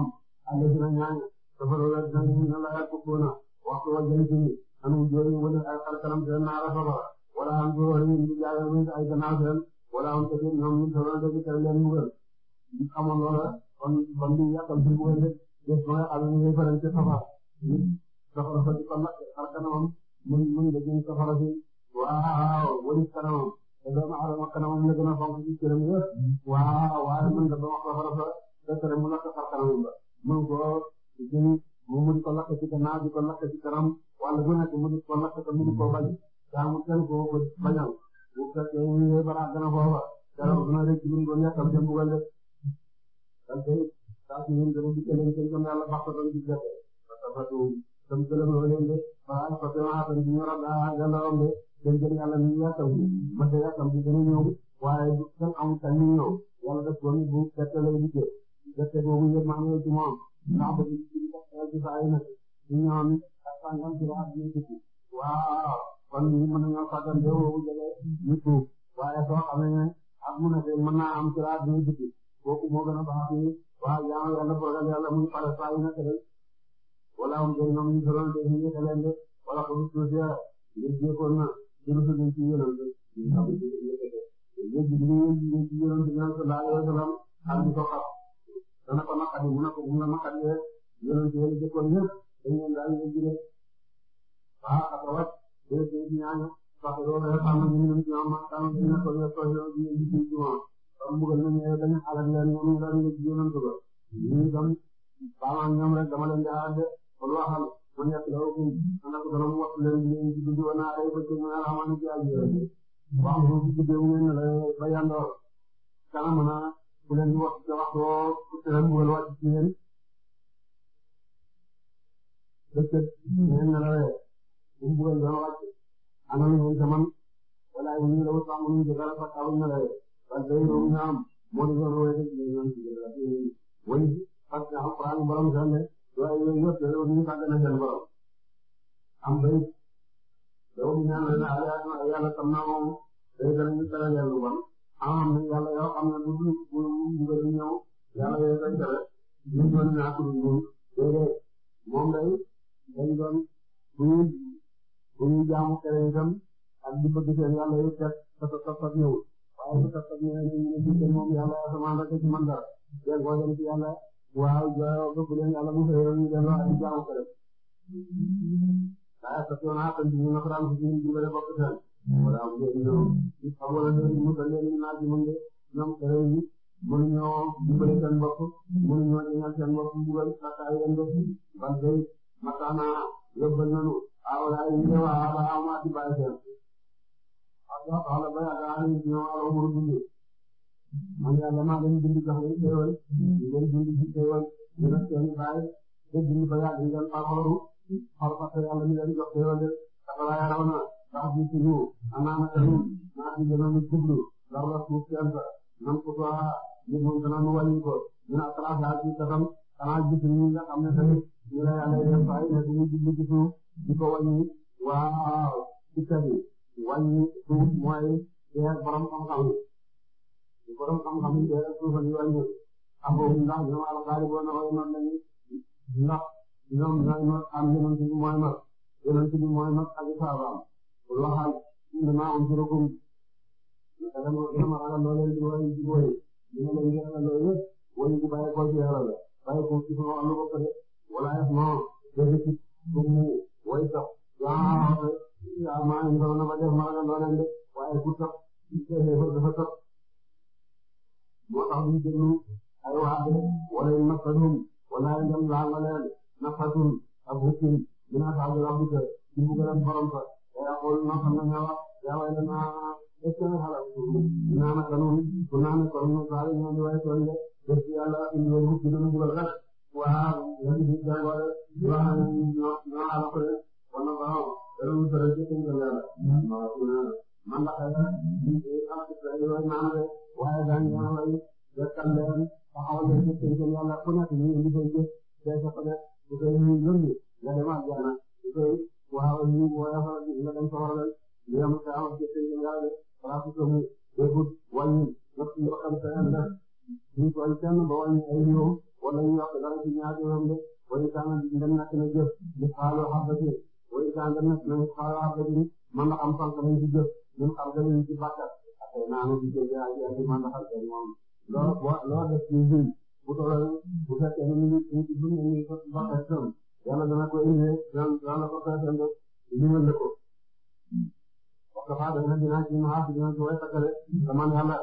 am na dina ñaan dafa doon rek dañ ñu la ko koona waxtu wa jëli ci anu jooy wala ay xarkanam seen naara safara wala am góor yi di jaay ay gannaaw seen wala am ko ñoom ñu doon dëgg kër leen mu gën xamoon loola kon kon di yàqal ci bu wëndëg bés ba nga xam ne ñu ngi faral ci safara safara fa di ko lakk xar kanamam mu mu ngi dajale safara si waaw wëlis kanamam te doomu aadama kanamam la gën a fonk ci këram yëpp waaw waaye mën nga ba wax safara fa fekk rek mu lakk xar kanamam ba mën koo jëli mu mu di ko lakk ci gannaaw di ko lakk ci kanam wala bu nekk mu di ko lakk te mu di ko bañ daa mu kenn koo ko bañal bu fekkee ñu ngi baraat gën a foofa dara dina rek ci buñ ko ñàkkal jëm bugal de saa si ñun gën a digle leen seen jëm yàlla bàq doon digle ko dafa tuum tam gërëm loo leen de waaye parce que maa xam ne ñu rab daa gannaawam de seen jëm yàlla ñu yàqam bi ma te yàqam bi gën a ñëw waaye du kenn amul kan ñu ñëw yàlla def ko ni bu gerte lay digle gerte boobu yëpp ma amee ci moom ndax ba ci ci ci saa yi nag ñu ñëwoon ak sàngam ci waxat ñu dugg waaw kon ñu mën nañoo fàttal de woowu jële ñu tuub waaye soo xamee ne at mu nekk mën naa am ci laaj ñu dugg kooku moo gën a baax waaw yaa ngi leen di boole yàlla muy faral saa yu nekk de wala am jëriñ am ñu doon de ñu nekk leen de wala ko bu tuuti yàlla ngir jéegoon na jënd si liñ ci yëloon de. am na solo yéen ñu ngi ci yëloon di ñaan sa laaj yoo xam am ñu ko xam dana ko naqari mu ne ko mu ne naqari yéen yëloon ci yële jëkkoon yëpp dañu leen daal yéen jëlee ah ak wat yéen ñaan sax loolu rek am na ñu ñu ñu am ak am na ñu ne ko yéen ko yéen ñu ci moom. comme bëgg nañu ñëwee dañu xaaral leen ñu ñu doon yëg yéen a ngi dugal ñun itam baamaam ñoom rek dama leen jaarante pour waxal man yàq la wu ñu man ak borom wax leen ñu ngi dund woon naa ay bëccëg ñu naan amoon ci ay yéen wax nga ci dundee wu ngeen la ba yandoor kanam na ku leen di wax ca waxtu woo te leen bëggal wàcc ci yéen bëccëg ngeen ne la wee bu bëggal doon wàcc anam ngeen ca man walaay ñu la wut sax mu ngi jëgal ak ak aw ñu la wee ak day moom nga am moo di doon wéy wéy parce que alxuraan borom seen waaye yooyu yëpp da doon ñu tàggat na seen borom am bay yow ñaan na yàlla yàlla tam naa moom day danañu tere leen lu bon am na yàlla yoo xam ne du du du ñëw yàlla yooyu koy tere ñu doon ñaata lu ñu déedéet moom day dañ doon bu ñuy bu ñuy jaamu tere itam ak di bëgg seen yàlla yëpp kat kat kat ñëwul waaye bu fekkee ñu ne ñu ne fii kenn moom yàlla asamaan rek ci mën dara jël ko jëm ci yàlla waaw jooyoo bëgg leen yàlla bu fekkee ñu delloo ay jaamu ko rek. waaye parce que on a continué na ko daan ko jiw jiw rek bokk seen. voilà bu dee ñu ñëw xam nga loolu ñu toll nii naaj bi mu ngi ñoom kër yi mënuñoo dimbali seen bopp mënuñoo ñaan seen bopp dimbali saxaay leen def ban tey masaanaa yóbbal nañu aw laay ñu ne waa waa maa ci bàyyi seen. Allah taala ba ya gaani ni wala mo dundu man yàlla maa leen bind jox leen xéewal ñu leen bind ci xéewal ñu def seen baay te bind ba yàgg ngeen parxoru xorfate yàlla mi leen jox xéewal de taxala yaraw na ndax bi ci ñu amaana kanu naa ci gëna mu jublu dara suuf ci anta nam ko doxa ñu moom dana nu wàññi ko ñu na trafa ci kasam xanaa gis ñu nga xam ne tamit ñu la yàlla leen fay ne du ñu jublu ci suuf di ko wàññi waaw ci kër yi wàññi suuf mooy jeex borom xam-xam yi bu borom xam-xam yi jeex suuf ak wàññi am boobu ndax ñoom alxaari boo na koy noonu lañu ndax ñoom ñooy noot am yonent bi mooy mat yonent bi mooy mat ak saabaam pour waxal damaa am ci rëkkum dama dama ragal loo leen di wàññi ci booy yi ñu ne leen jeex na loolu yëpp wàññi ci bàyyi ko ci yàlla la bàyyi ko ci sama wàllu bopp de wala yëpp non dëgg ci pour mu way sax yaa waaw maa ngi doon ba def ma ragal loo leen de waaye ku topp dafa topp moo tax ñu déglu ay waat wala yu nafatum wala yu dem laal la leen nafatum ak rukkin dinaa saa jëlaat bu tëj ci mbugalam borom fa te xool noo xam ne ñoo wax yàlla dinaa est ce que xalaat dinaa naka noonu su naa ne kon ñun saa yu ñoo di waaye tool yi de ci yàlla indi leen rukkin dana mbugal rek waaw yéen a ngi ci jàngoo rek yoo xam ne ñoo ñoo xaaral ko rek kon nag loolu bële ci suñu gànnaaw la. waaw suuna man la xëy na ñu ngi am ci sa yooyu naan rek waaye daañu naan rek jëkkal leen taxawal leen ci suñu gànnaaw la ku nekk ñu ngi koy jëf day sa xëy na su koy ñuy yëngu nga dem ak jaana su koy waaw ñu woyofal nga dem sa wàll ñu am sa am ci suñu gànnaaw la waaw su ko mu defut wàññi nga fi nga xam sa yàlla ñu koy kenn ba wàññi ay réew wala ñu yokk dara ci ñaari yoon de wala saa nga dem nak na jëf ñu xaaloo xam ba way sànq nag nañ xaaral ba ñu mën a xam sànq nañ ci jëf ñun xam nañ ci bàkkat ak ay naanu bi jëf yaa ngi ci mën a xam seen moom loolu boo loolu def ci njëriñ bu tolloon bu fekkee ne ñu ñu ci dund ñu ko bàkkat seen yàlla dana ko indee dana dana ko feesal de limal la ko wax dafa def nag dinaa ci maa si dina ci way takkale te man yàlla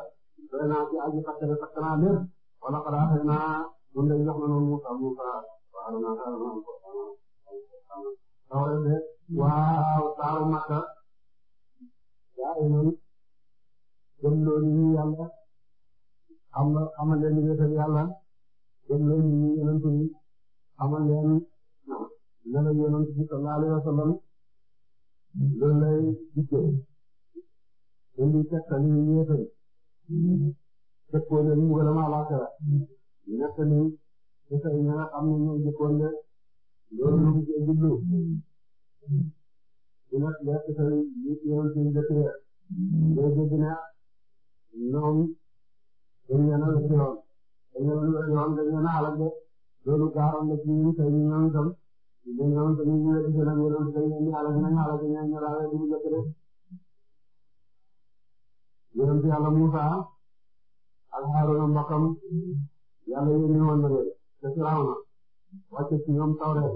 doy naa ci aji takkale takk naa lépp wala xanaa xëy naa mun nga jox na noonu Moussa Moussa waaw naa ko tawre de waaw taaru makka gaa yi noonu gëm loo ñu yàlla xam nga xamal leen ni wéetal yàlla gëm loo ñu yonent yi xamal leen melo yonent bi sallallahu alayhi wa sallam loolu lay dikkee indi tegtal yi wéetal jëkkoon leen mbugalam àllaaxira ni ci say ña nga xam ne ñoo jëkkoon loolu la ñu koy jublu dina lekk seen yéen seen dëkk ya ngay dégg ne ñoom dañ leen a lëkkale woon dañ leen a lëkkale woon dañ leen a xalaat de loolu gaaroon la ci ñun tey ñu ñoom itam ñu ñoom itam ñu ngi leen di gis nag ñu doon dañ leen di xalaat dinañ xalaat ñoom ñoo laa leen di dëkk de yonent yàlla Muusa ak Haaruna mbokkam yàlla yónni woon na leen te Firawna wàcce ci ñoom tawreet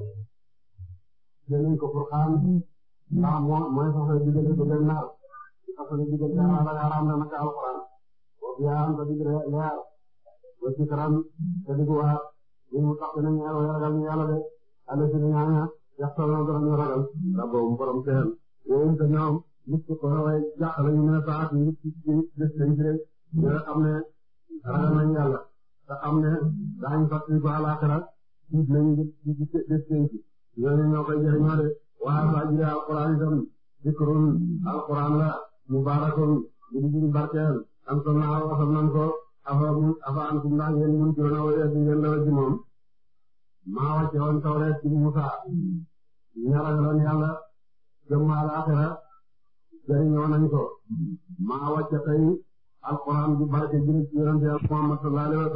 jëlee ko Furqaan ndax moo mooy soxla diggante dëgg ak naar soxla diggante xalaal ak xaraam la naka alxuraan wa biyaan te digg leer wa sikran te digg waar li mu tax dinañ ñaar way ragal ñu yàlla de àlla si ñaana yaxtanoon dara ñu ragal rabboom borom seen wowum te ñoom nit ki ko way jàq lañu mën a saat nit ci bés dañ ci ñu nga xam ne ragal nañu yàlla te xam ne daañu fàttali ko àllaaxira gis nañu def ci gis def ci ñooñu ñoo koy jëriñoo de waaye ba jëlee alquran itam zikrun alquran la barkeel am solo naa waxal ko afa am ci ndax yéen ñun ci woon a wéyal di maa wàcce woon tawreet ci Musaa ña ragaloon yàlla jëm Muhammad sallallahu alayhi wa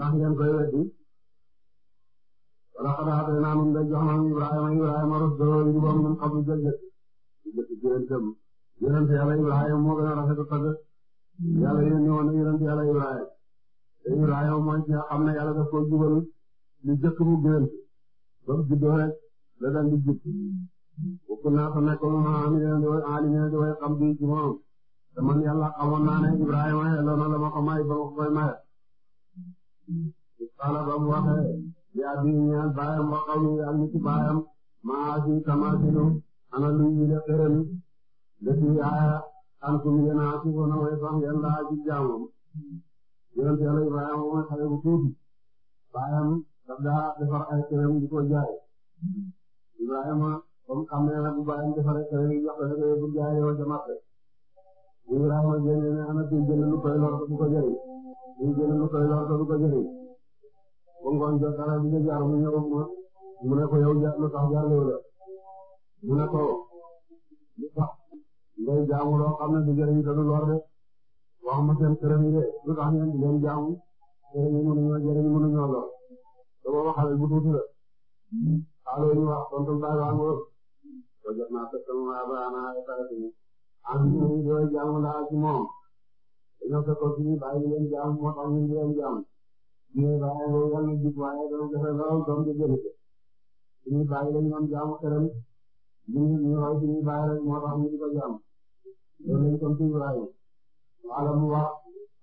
sallam koy weddi wala xanaa tey naa mun nga jox maam Ibrahima Ibrahima rusdoo li ñu bokk ñun xam lu jëjëf yonent yàlla Ibrahima moo gën a rafetlu parce que yàlla yéen ñëwoon na yonent yàlla Ibrahima te Ibrahima mooy ci nga xam ne yàlla daf ko jubal lu jëkk mu gën ba mu juddoo rek la daan di jub bokk naa fa nekk moom am nañu way am nañu way xam bi ci te man yàlla xamoon naa ne Ibrahima xeloo na la ma ko may ba ma ko koy maye. xaaral ba bi abi ñaan baayam wa qawmi ak li ci baayam ana luy wile xërëm lëti aaya an kum a na way sax ngeen laa ci jaamam yonent yàlla Ibrahima mooy xale bu tuuti baayam daf daa defar ay xërëm di ko jaay Ibrahima comme xam ne nag bu baayam defaree xërëm yi ko xërëm bu jaayee ko jëriñ kuy jënd lu ba ngoon jot dara bi nga jaar mu ñëw mu ne ko yow jaar lu tax jaar loolu mu ne ko lu tax ngay jaamu loo xam ne du jëriñ te du lor de wax ma seen këram yi de lu tax ngeen di leen jaamu këram yi mënuñoo jëriñ mënuñoo lor te booba xale bu tuuti la xale yi wax tontu baay waa ngoon ko jot naa fekk mu waa ba ana ay xarit yi en tout cas ñu doon jaamu laa ci moom dañoo fekkoon suñu bàyyi leen jaamu moo tax ñu leen jaamu ñooy bàyyi la yàlla na jub waaye doon jafe lool doon di jëriñ suñuy bàyyi la ñu am jaamu xelam ñu ñu roy suñuy bàyyi rek moo tax ñu di ko jaam loolu lañ tontu Ibrahima wala mu wax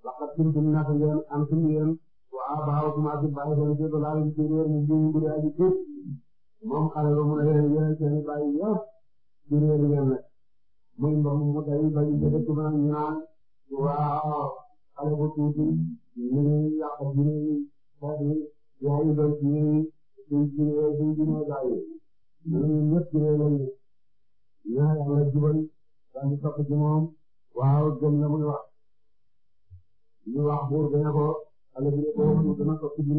laqad kuntum naka ngeen am suñu yéen wa abaakum ak bàyyi seen ci balaa ñu ci réer ñu jiw bu dee aji tuut moom xale ba mu ne yéen yéen seen bàyyi yëpp ci réer ngeen ne muy mbam mu day bañ a dëkk ba ñu naan waaw. xale bu tuuti ñu ngi yàq diine yi foofu di xamutal diine yi suñ diine suñ diine gaa yi ñun ñëpp diine lañu ñaa di topp waaw gëm la muy wax wax buur ne ko xale bi ne ko mu dana topp mu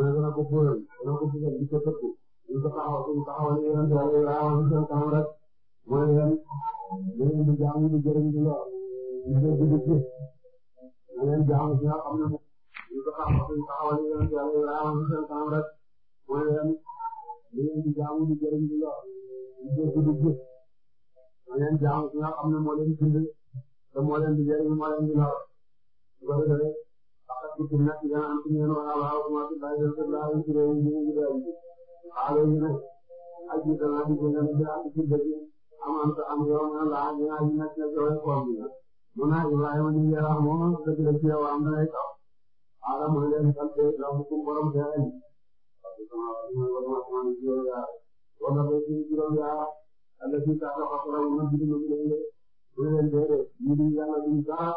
ne dana ko fóoral dana ko fóoral di ko tëkku ñu ko a ngi di waaw ñu seen di jaamu di jëriñ dafa gudd ci na ngeen jaamu ci nga xam ne ñu ko xam suñu taxawal yi ngeen jaamu Ibrahima ci seen kanam rek mooy leen li ngeen di jaamu di jëriñ di lor di jëf di jëf na ngeen jaamu ci nga xam ne moo leen bind te moo leen di jëriñ moo leen di lor su ko defee ak ci ci nekk ngeen am ci ngeen war a waaw ma ci bàyyi leen seen laa yu ci réew yi ñu réew yi xaale yi nag ak ci dana di ngeen di ak ci dëgg am am am yoon laa ñu nekk ci koom bi mu ne Ibrahima ñu ngi wax moom dëgg la ci yow am na ay taw Adama leen sant rabbukum borom seere ni wala ba ci juróom yaa ala ci ta ko ko rawu na bi ñu leen ñu leen déere ñu di yàlla duñu dara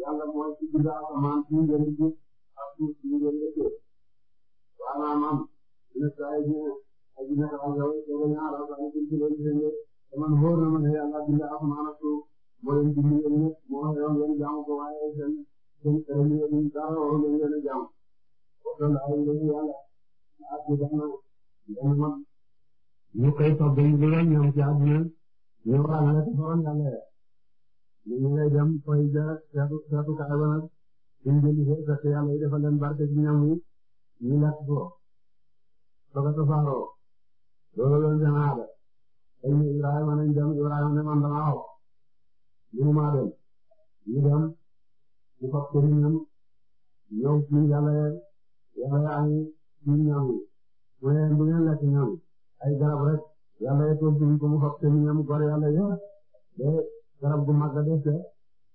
yàlla mooy ci biir asamaan ci ngeen di ak ci ci ngeen di ko wana mam ina say ji ajina ka yow ko ñaara ko ci ngeen di man hoor na man yàlla bi nga asamaan ak moo leen bind yéen ñëpp moo waxee woon ngeen jaamu ko waaye seen seen réunion bi dara waroon ngeen leen a jaamu waxtaan la ay yéen yàlla ak ñu def na ngeen mën ñu koy toog dañu bëggoon ñoom ci àdduna ñu waral la defaroon yàlla ya ñu ngi lay dem koy ja seetu seetu kaay ba nag suñ jëli fee fekk yàlla yi defal leen barke ci ñam yi ñu lekk ko soog a tasaaroo loolu leen seen aada dañu Ibrahima nañ dem Ibrahima ne man damaa wax ñëwmaa dem ñu dem ñu fab sëriñam ñëw ci yàlla yàlla ay ci ñamu mu ne bu ngeen lekk ñam ay garab rek yàlla ye toog duñ ko mu fab sëriñam gor yàlla yo de garab gu màgg def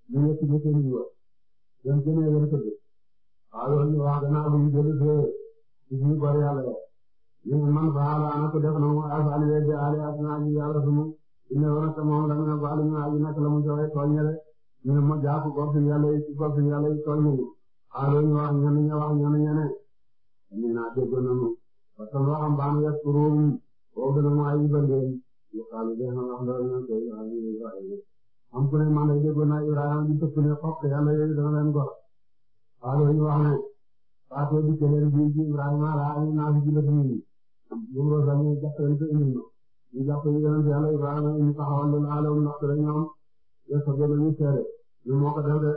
mu yëkk ba sëriñ wa dem gëne leen tëdd waaw loolu wax danaa buñ jëli fee ci suñu gor yàlla yo ñu man faala ana ko def na mu asal ye bi ale asnaa ji yàlla sumu inna woona te moom lamina baalim na aji nak la mu jooy tooñ na de ñu ne ma jaaku gor suñu yàlla yi ci gor suñu yàlla yi tooñ nañu xaaloo ñu wax ñenn ña wax ñenn ña ne nee naa dégg nañu parce que waxam baanu yas kurum boo gën a mu ayi ba leen ñu xaalu de na wax loolu na koy wax ñu wax ñu am ku ne man de dégg naa Ibrahima di tëkk ne xokk yàlla yooyu dana leen gor xaaloo ñu wax ne paatoo di keleen bii ci Ibrahima raa ñu naa fi jula fi ñu ñu mu rosa ñu jaxante indi ñu jàpp ñu yonent Yàlla Ibrahima ñu taxawal leen aaloom ndax dina ñoom yéen sa gën a ñu seere ñu moo ko def de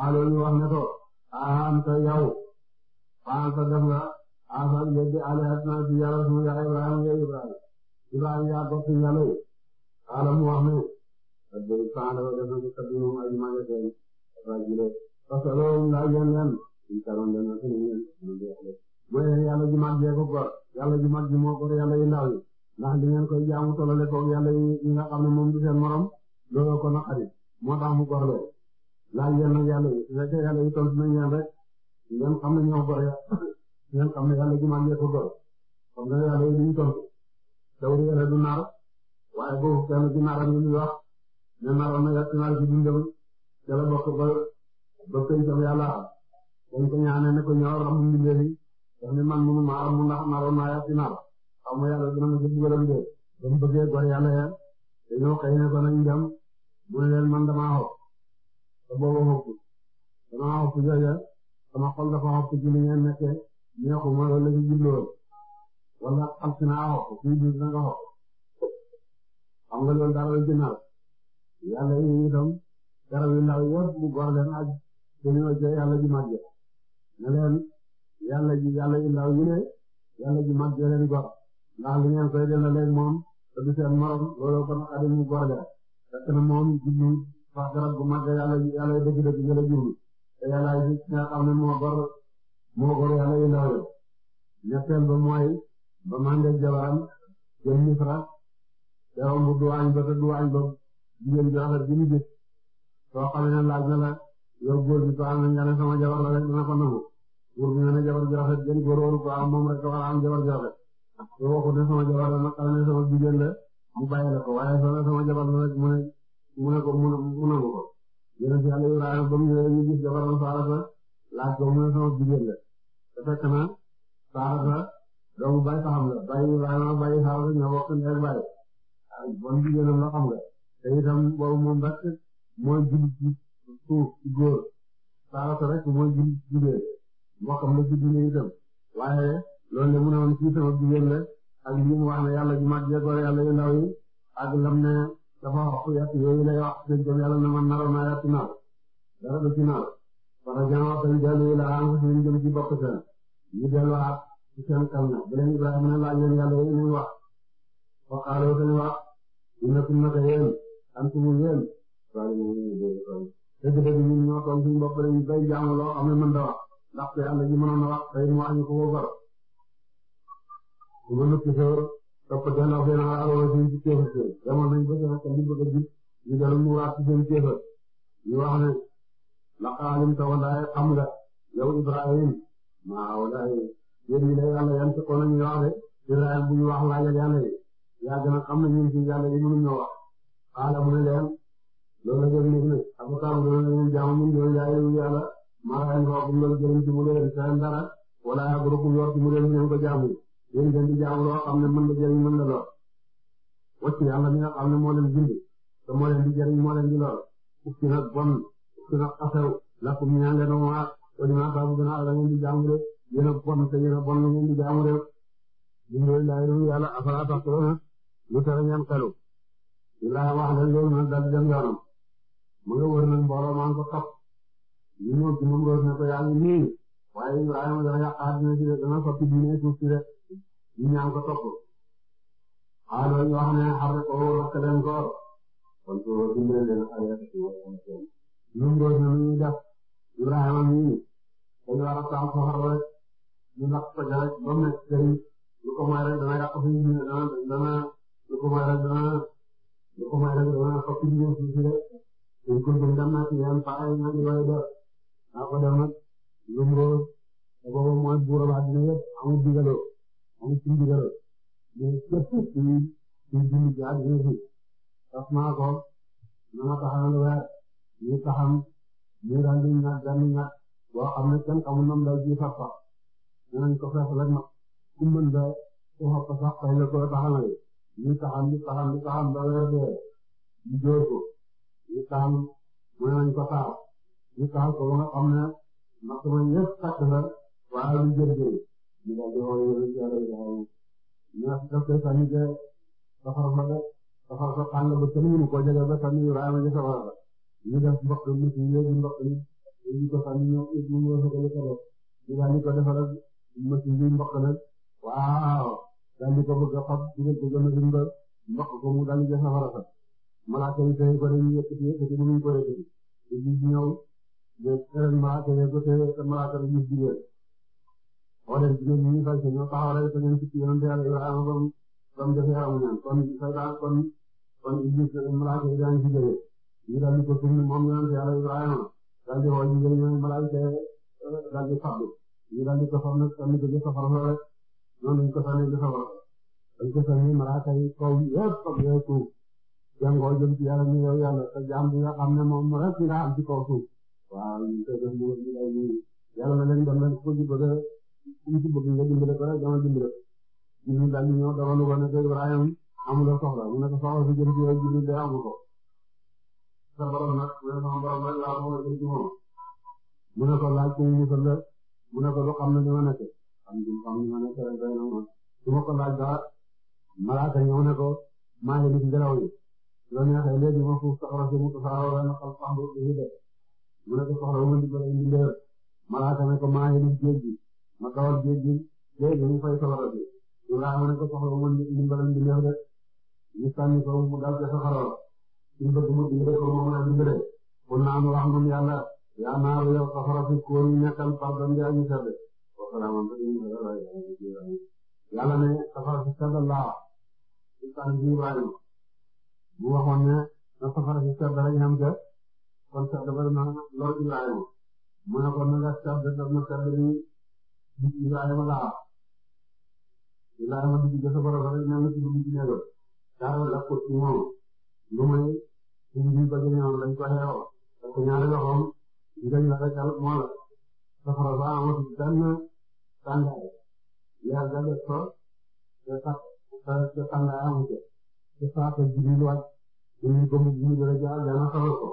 aaloom ñu wax ne ko ahaan sa yaw ahaan sa def nga ahaan yéen di alihatina si yàlla suñu yaay Ibrahima yooyu Ibrahima Ibrahima yaa bokk ci yàlla yi aaloom wax ne ak béy sànq dafa def na ci kàddu moom ay maa ngi seen rajo parce que loolu laaj leen leen ñu taloon leen ak ñu leen mooy yàlla ji mag jee ko gor yàlla ji mag ji moo gor yàlla yi ndaw yi ndax di ngeen koy jaamu tolale koog yàlla yi nga xam ne moom du seen morom looloo ko naqari moo tax mu gor leen laaj leen nag yi su fekkee yàlla yi tontu nañ leen rek ngeen xam ne ñoo gor ya ngeen xam ne yàlla ji man ko gor comme que yàlla yi tontu dawul yàlla du nar waaye boobu kenn du naram li muy wax ne naroon na yàq nar bi dundam ca la bokk ba ba koy jëm yàlla dañ ko ñaanee ko ñoo ram mbindee bi dañ man munu maa ram ndax xam nga yàlla dina mujj ci gor yàlla ya dañoo xëy na ko nañ dem mu ne leen man damaa xob te booba xobul damaa xob jooja sama xol la si naa xob fii biir dina nga xob xam nga loolu dara la gënal gor leen ak dañoo jël yàlla ji màgg ne leen yàlla ji yàlla yu ndaw yi ne gor ndax li ngeen koy jëndaleeg moom te du seen morom looloo kon xadimu gorga fekk moom jublu sax garab bu mag yàlla yàlla dëgg-dëgg nga la jublu te yàlla yi nga xam ne moo gor moo gor yàlla yi ndaw la ba mooy ba màndeeg jabaram jël misra te romb duwaañ ba te duwaañ ba jigéen ju rafet soo xamee ne laaj na la góor bi ko am nga sama jabar la rek dina ko nangu góor bi nga jabar ju rafet jën góor waru am moom rek war a am jabar ju rafet te waxut ne sama jabar la nag xam ne sama jigéen la mu bàyyi la ko waaye soo ne sama jabar la nag mu ne mu ne ko mu nangu ko yéen si yàlla Ibrahima ba mu ñëwee ñu gis jabaram Saarata laaj ko mu ne sama jigéen la te fekk na Saarata doomu Baye Saxam la Baye Ibrahima Baye Saarata ñoo bokk ndey Baye ah, bon jigéenam la xam nga te itam boobu moom rek mooy jullit ci suuf ci góor Saarata rek mooy jullit ci jigéen mbokkam la ci diine itam waaye loolu de mu ne woon sama jigéen la ak lii mu wax ne yàlla ju mag jeegoor yàlla yu ndaw yi ak lam ne dafa wax yàq yooyu lay wax dëgg yàlla na man naroon naa yàq naaw dara du ci naaw parce que jamono seen yi la am seen jëm ci bokk seen ñu delluwaat ci seen kal na beneen Ibrahima ne laaj leen yàlla yi muy wax wa xaaloo seen wax naka yéen antum yéen waaye moom la bay jaamu loo xam ne da wax ndaxte yàlla ji mënoon na wax mu wax ñu ko wóor Ibnu Kisor topp delloo seen aaroon seen ci kéefar seen demoon nañ ba seen ak li bëgg a gis ñu dellu ñu waat ci seen kéefar ñu wax ne laqad alimta walaay xam nga Ibrahim maa walaay yéen ñi lay yan ko nañu wax de Ibrahim bu ñu wax laajal yàlla yi yaa gën a xam ne ñun ci yàlla yi mënuñu wax xaala mu ne leen loolu la jëriñu ne avocat bi dana leen jaamu ñun ñoo jaay yu yàlla maa wax bu ñu doon jëriñ ci mu leen dara walaay ak rukum yor ci mu leen ñu ko jaamu. yéen ngeen di jaamu loo xam ne mën la jëriñ mën la lor wacc yàlla ne moo leen bind te di jëriñ moo leen di lor ufti nag bon ufti nag xasaw lakum ñaa ngeen waat wala maa saabu gën a la ngeen di jaamu rek yéen bon te yéen a bon la ngeen di jaamu rek dimbali laa yéen yàlla afala taquluna lu tere ngeen xelu Ibrahima wax na loolu di dem yoonam mu wër nag mbooloo maa ngi ko topp ñu ñëw ci moom roos ne ko yaa ngi nii waaye Ibrahima dana yàq àddina si de dana soppi diine suuf ñu ñaan ko topp xaaral ñu wax ne xam nga koo wax ka leen koor kon su ma bindee leen ayat si wàllu am seen ñun ñoo ñu ñu def Ibrahima mii dañu war a taal safara rek ñu lakk ko ja rek ba mu nekk këriñ lu ko may rek dana yàq suñu diine dana dana lu ko may rek dana lu ko may rek dana fokk diine suuf si rek suñ ko jëm dem na ci yenn paa yi ñu ngi lay def naa ko dem nag ñun loolu te boobu mooy buuralaat bi yëpp amul digaloo. moom ci ndigal mais képp ci ci jullit bi ak yéen fii daf maa ko mën a taxawal weer ñu taxam ñu daal di ñàkk daal di ñàkk boo xam ne kenn amul ñoom daal di sax sax dinañ ko fexe rek nag ku mën ba ku xëpp sax xëy na koo taxawal ñu taxam ñu taxam ñu taxam ba weer dee ñu door ko ñu taxam mën nañ ko taxaw ñu taxaw ko ba nga xam ne naka ma yëpp takk la waaye lu jël jël. ñu daal di wooyee yonent yàlla Ibrahima ñax daf koy sànni ca safara ba de safara ba tàng ba kenn mënu koo jege ba sànni Ibrahima ñu safara ba ñu def mboq mi ci yéegi mboq mi ñu ko sànni ñoom it ñu ngi ko defal ñu daal di ko defal mboq bi mboq nag waaw daal di ko bëgg a fab di ko gën a dimbal mboq ko mu daal di ca safara ba malaaka yi tey ko dañuy yëkkati yëkkati mënuñ ko yëkkati te ñu ñëw de ren malaaka yi ko tey malaaka yi ñu jigéen wala jigéen ñi ñu fay sa ñoom taxaw rek dañuy ci yonent Yàlla Ibrahima ba mu ba mu defee amu ñaan kon saytaan kon kon Iblis malaaka yi daañu ci jóge ñu daal di ko suñu moom yonent Yàlla Ibrahima daal di woo jigéen ñi malaaka daal di fàddu ñu daal di ko far nag tamit dañu ko faral rek noonu lañu ko sànnee di safara dañu ko sànnee malaaka yi kaw yëpp ak yooyu suuf jàngoo jëm ci yàlla ni yow yàlla sa jaam bi nga xam ne moom rek nga am ci kaw suuf waaw ñu koy def ñu yàlla na leen dem leen ko ci bëgg ku mu ci bëgg nga dimbale ko rek dama dimbale ñun daal ñu ñëw dama lu ko nekk Ibrahima amuloo soxla mu nekk soxla si jëm ci yow jiw bi amu ko. sa borom nag mu ne sama borom nag laa ko jëm ci moom mu ne ko laaj ko mu musal la mu ne ko lu xam ne li ma nekk xam nga xam li ma nekk rek day na moom su ma ko laaj daal malaaka ñëw ne ko maa ngi gis ngelaw yi la neexee léegi ma fuuf saxara si mu tasaaroo la naqal sax mu ne ko soxla wu ma dimbale indi leer malaaka ne ko maa ngi gis géej gi ma tawal géej gi géej dañu fay sawara si Ibrahima ne ko soxla woon ndimbalal ndimbalal rek ñu sànni ko mu dal ca safara la suñ bëgg mu dimbale ko moom la dimbale kon naan wax moom yàlla yaa naa yow safara si ku woon nekkal pardon bi ak ñu sedd yàlla ne safara si sedd laa ñu sànni si Ibrahima bu waxoon ne na safara si sedd rek xam ca kon sedd ba na lor Ibrahima mu ne ko na nga sedd na sedd bi Ibrahima laa Ibrahima dugg sa borom rek ñoom it dugg ci néegam dara la ko ci moom lu muy suñ biir bëgg ñoom lañ ko xeexoo parce que ñaari loxoom njëriñ la rek al moo la safara ba amatul benn tàngaay leer ga def ko te sax te tàngaay amu ko te saa ko Jibril wàcc Jibril ko mu Jibril la jaar jana xamal ko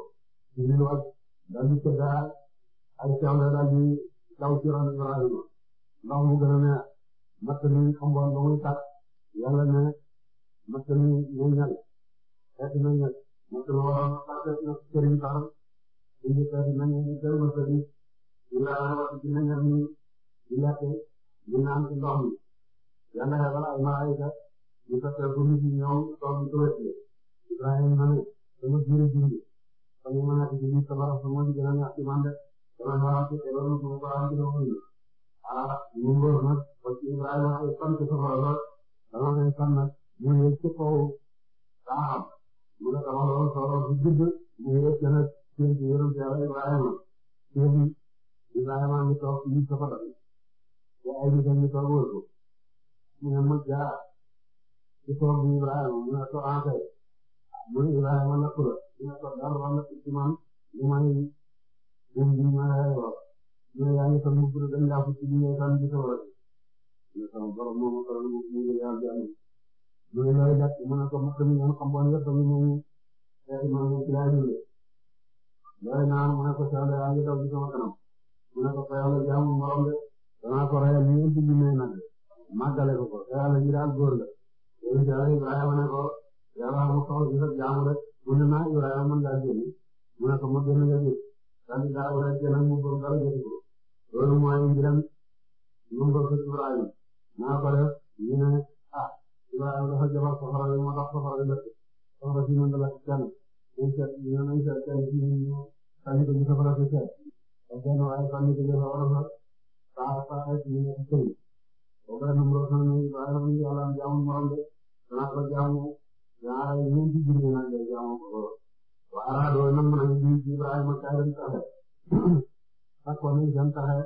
Jibril wàcc daal di seddaay ay sew la daal di daw ci ron Ibrahima ndox mu gën a ne matt mi xamboon ba muy tàkk yàlla ne matt mi ñoo ñal xeet na ñal matt mi waroon a tàkk na sëriñ par indi xeet na ñu jël matt mi ñu daan wax ci na ñal mi di lekk di naan ci ndox mi yàlla xebal ay malaayika ñu fekkee bu nit ñi ñëw toog ñu tuwet yi Ibrahima na ne sama jiire jindi sama mën a ci jindi sama rafa moo ci gën a neex ci man de sama xaram ci xelal mu ko am ci loolu ah ñu ngóor nag ba ci Ibrahima ay fan ci safara la dama lay fan nag mu yëg ci kaw saaxam mu ne dama lool soxla bu gudd mu yëg ci nag seen ci yërëm ci yàlla Ibrahima seen Ibrahima ngi toog ñu safara bi te ay nit ñu toog wër ko mu ne ma jaar ci toog bi Ibrahima mu ne ko en fait mu ne Ibrahima napp la mu ne ko dara ba napp ci man lu may indi ma lay wax yow yaa ngi toog mbubu dañ laa fukki ñu ngi toog di ko wër yow sama borom moom ak borom moom ñu ngi leen di amee ñu ngi lay def mu ne ko mbokk mi ngeen xamoon yëpp tamit moom yaa ngi toog di laaj ñu yore naa mu ne ko saa yaa ngi toog di sama kanam mu ne ko fa yàlla jaamu morom de danaa ko reyal ñu indi ñu may nag màggale ko ko fa yàlla ji daal góor la yow yàlla Ibrahima ne ko yàlla amul soxla ci sa jaamu rek mu ne naa Ibrahima man laa jëli mu ne ko ma gën nga jël daal di daal wala jëlee mu bëgg dara jëli ko loolu mooy mbiram nu mu ko gis Ibrahima naa ko def ñu ne ah Ibrahima dafa jabar safara bi moo tax safara bi lakk safara si mën na lakk kenn ñu seet ñu ne seet kenn ci ñu sànni ko ñu safara si seet ak benn waaye sànni ko ñu safara sa saa saa ay ñu nekk sëñ boo ko defee mu doon sànni Ibrahima ñu yàlla am jaamu morom de danaa ko jaamu ñaar ay ñeenti junni naa ko jaamu ko waaye arabe nam nañu ci Ibrahima kaay dem ak wane jant xëy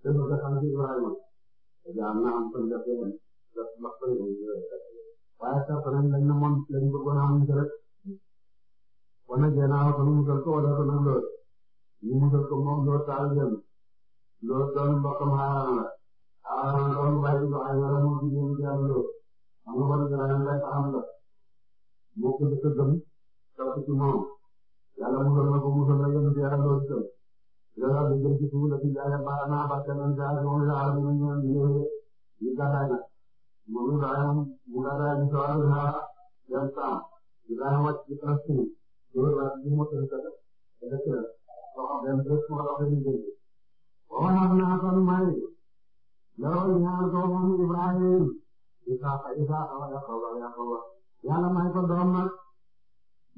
te du ko sant Ibrahima jaam naa am fan def leen def ba fan waaye sax nañ lañ ne moom lañ bëggoon amuñ ci rek wane gànnaaw ko nu mu musal ko wala ko nag lool ñu musal ko moom lool taal jëm lool doon mbokkam xaaral la xaaral la doon bàyyi ba ay wala mu jigéen ñi am lool xam nga wane gànnaaw lay taxam la moo ko dëkk gëm taw ci moom yàlla musal na ko musal na yéen a yàlla lool ci looloo lu jëm ci suuf la ci jaay baal naa ba keneen jaay moom jaay bi ñu ñëw ñu ñu gàddaay nag moom Ibrahima mu gàddaay ñu sawar a xaar yan temps Ibrahima wàcc ci Palestine loolu la ñu mot a gëstoo gëstoo ba xam benn bés bu ma la ko ñu jëm waxoon naa ne Assane Mbaye loolu ñaar ko moom Ibrahima Isaaxa Isaaxa wa Yaquba Yaquba yàlla may ko doom nag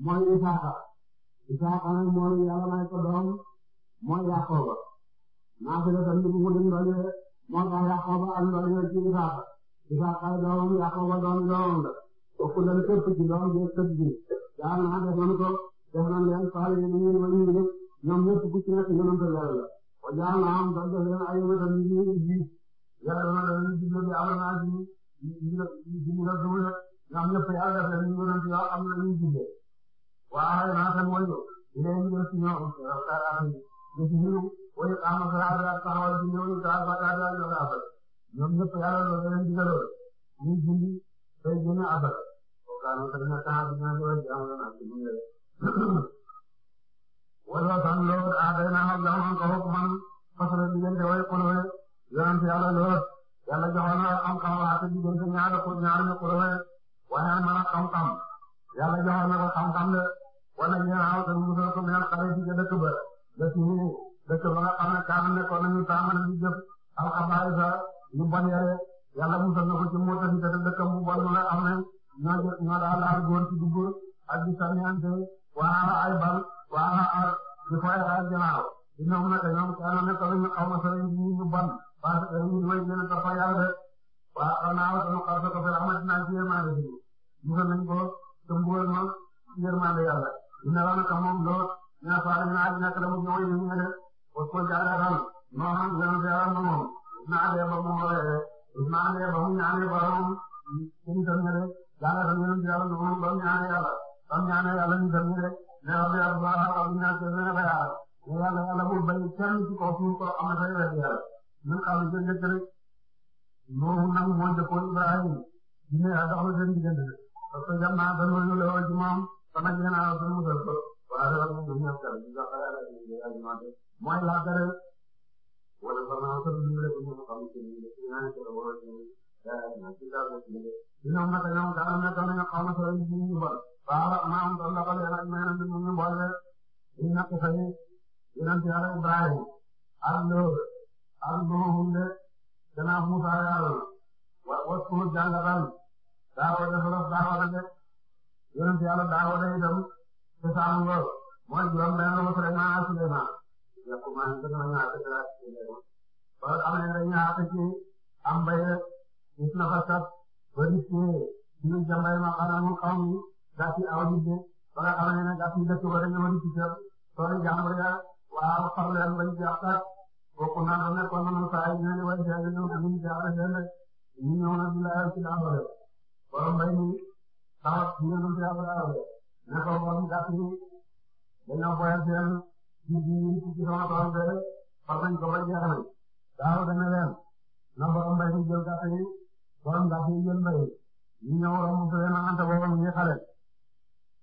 mooy Isaaxa Isaaxa nag mooy yàlla may ko doom. mooy Yaakooba naafila tamit bu mu dem ndóolee moo tax Yaakooba ak ndóolee ci Isaaka Isaaka ay doomam Yaakooba doomi doomam la bokk na lu tëb ci doom bi tëb bi yaa naa def nañu ko def nañ leen faale yi ñu ma ñu ñëpp ñoom ñëpp ku ci nekk yonent Yàlla la wa jaa naa am dañu leen ay wetam yi ñu ji yàlla na leen di leen di amal naa ji ji mu def dama def ñoom ñëpp yàlla def leen ñu yonent yoo am na ñu jubbe waaye naa seen mooy ñu leen ñu def ci ñoom di ci yiw wala am xalaat taxawal ci ñooñu daal ba daal daal joxe abal ñoom ñëpp yàlla loolu leen digaloon ñuy julli day génne abal kookaanu sax na taxaw bi ñaan loolu jaamu la naan ci ñu leen wala sax loolu aaday na xam daa man ko xokk man fasale diggante way xulwe yonent yàlla lool yàlla joxoon na xam-xam waxate diggante ñaari xul ñaari ñu xulwe waaye mën a xam-xam yàlla joxoon na ko xam-xam de wala ñeen aw tan musal ko meen xare ci dëkk ba dëkk yu dëkk ba nga xam ne kaana nekkoon nañu taamal ñu jëf alxabaayisa yu yare yàlla musal na ko ci moo tax itam dëkkam bu bon nga xam ne ñoo ñoo daa laal góor ci dugg ak di sànniyante waala ay bal waala ar di fooy xaar ginnaaw di ñoom nag ñoom kaana nekkoon nañu xaw ma sëriñ ñi ñu bon parce que ñu way gën a topp yàlla de waa xam naa wa sama xarsa ko fil amatinaa ci yërmande musal nañ ko te mbugal ma ci yërmande yàlla dina la naka moom lool ina faale min ali naka la mu ñëw yi ñu ne was ko jaare ran no han jan jaare no moom ismaale ba mu roye ismaale ba mu ñaane borom kum tan ne de jaare ran yonent yàlla no moom ba mu ñaane yàlla ba mu ñaane yàlla ñu tan ne de ne rabbi allah rabbi na ke ne ba yàlla ne yàlla yàlla bu bay kenn ci ko fu ko am na tay wedd yàlla min xam je ne kene no nang mo de ko ibrahim dina dafa den digënde parce que jamna dañu ñu lewo ci moom sama jena sunu musal ko wala dafa am lu ñu def dara ñu jox ko yàlla dégg nga yàlla ñu wax dëgg mooy laa bëre wala vraiment comme ni mu leen ko ñëw xam ci ni ci naan ci la wala ci dara na ci dara ci ni ñoom naka ñoom dara na ko ñu xaw na solo ñu ñu bol baara ma am tan la ko yàlla ñu ñu ñu bol le ñu nak fay yonent yàlla Ibrahima ak lo ak lo hunde dana Musa yàlla wa wasu jàngatal daawa dafa daawa de yonent yàlla daawa de itam te saa mu ngóor mooy juróom benn wu Souleymane ak Souleymane yàqu maa ngi dëgg nañu àgg ak Souleymane kon am nañu dañuy àgg ci am mbay rek gis na fa sax ba gis ci ñu jàmbay ma mu xaw mi gas ba nga xam ne nag gas ba dañu war a gis jàpp soo di jàmbur ya waaw farle am bañ ci àgg ak kooku naa ko nekkoon nañu saa yi ñu ne waaye saa yi ñu ne ñu jaaxle seen rek ne ko moom gàtt yi dañoo boyal seen jiw yi ñu ci sama tool bi far nañ ko ba jeex nañ daaw dana leen na borom mbay mi jël gàtt yi borom gàtt yi jël mbay ñu ñëw romb seen anta boobu ñu ngi xale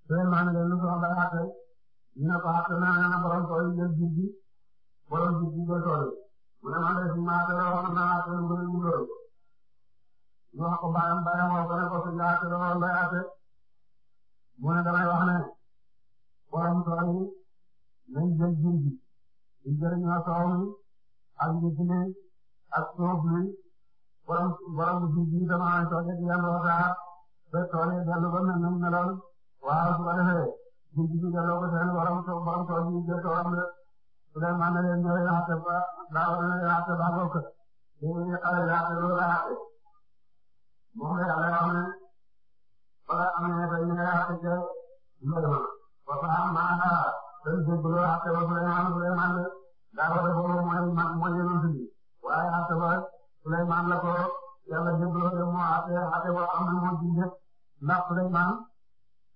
seen maa ngi leen lu soxla àtte ñu ne ko àtte naa na borom tool yi jël jiw bi borom jiw bi jël tool yi mu ne man de si maa te waxoon naa àtte lu bëri mu loolu ñu wax ko bàyyam bàyyam wax ko ne ko suñu àtte lool lay àtte mu ne damay wax ne borom tool yi nañ jël jur gi di jëriñoo soow mi ak njëkkile ak soof mi borom borom jur gi dama sooje di yendoo saa ba tool yi dellu ba mel nañ meloon waaw su ko defee jur gi ñu delloo ko seen borom tool borom tool yi jël toolam la su dee man na leen ñëwee xate ba daa war na leen xate ba bokk léegi xale bi xate loolu la xate moom la yàlla wax ne balaa amee ba ñu la ko defoo mooy mooy yonent bi waaye xam nga la ko yàlla jur gi loo xam ne moo xam ne xam nga am na moo jiite ndax Souleymane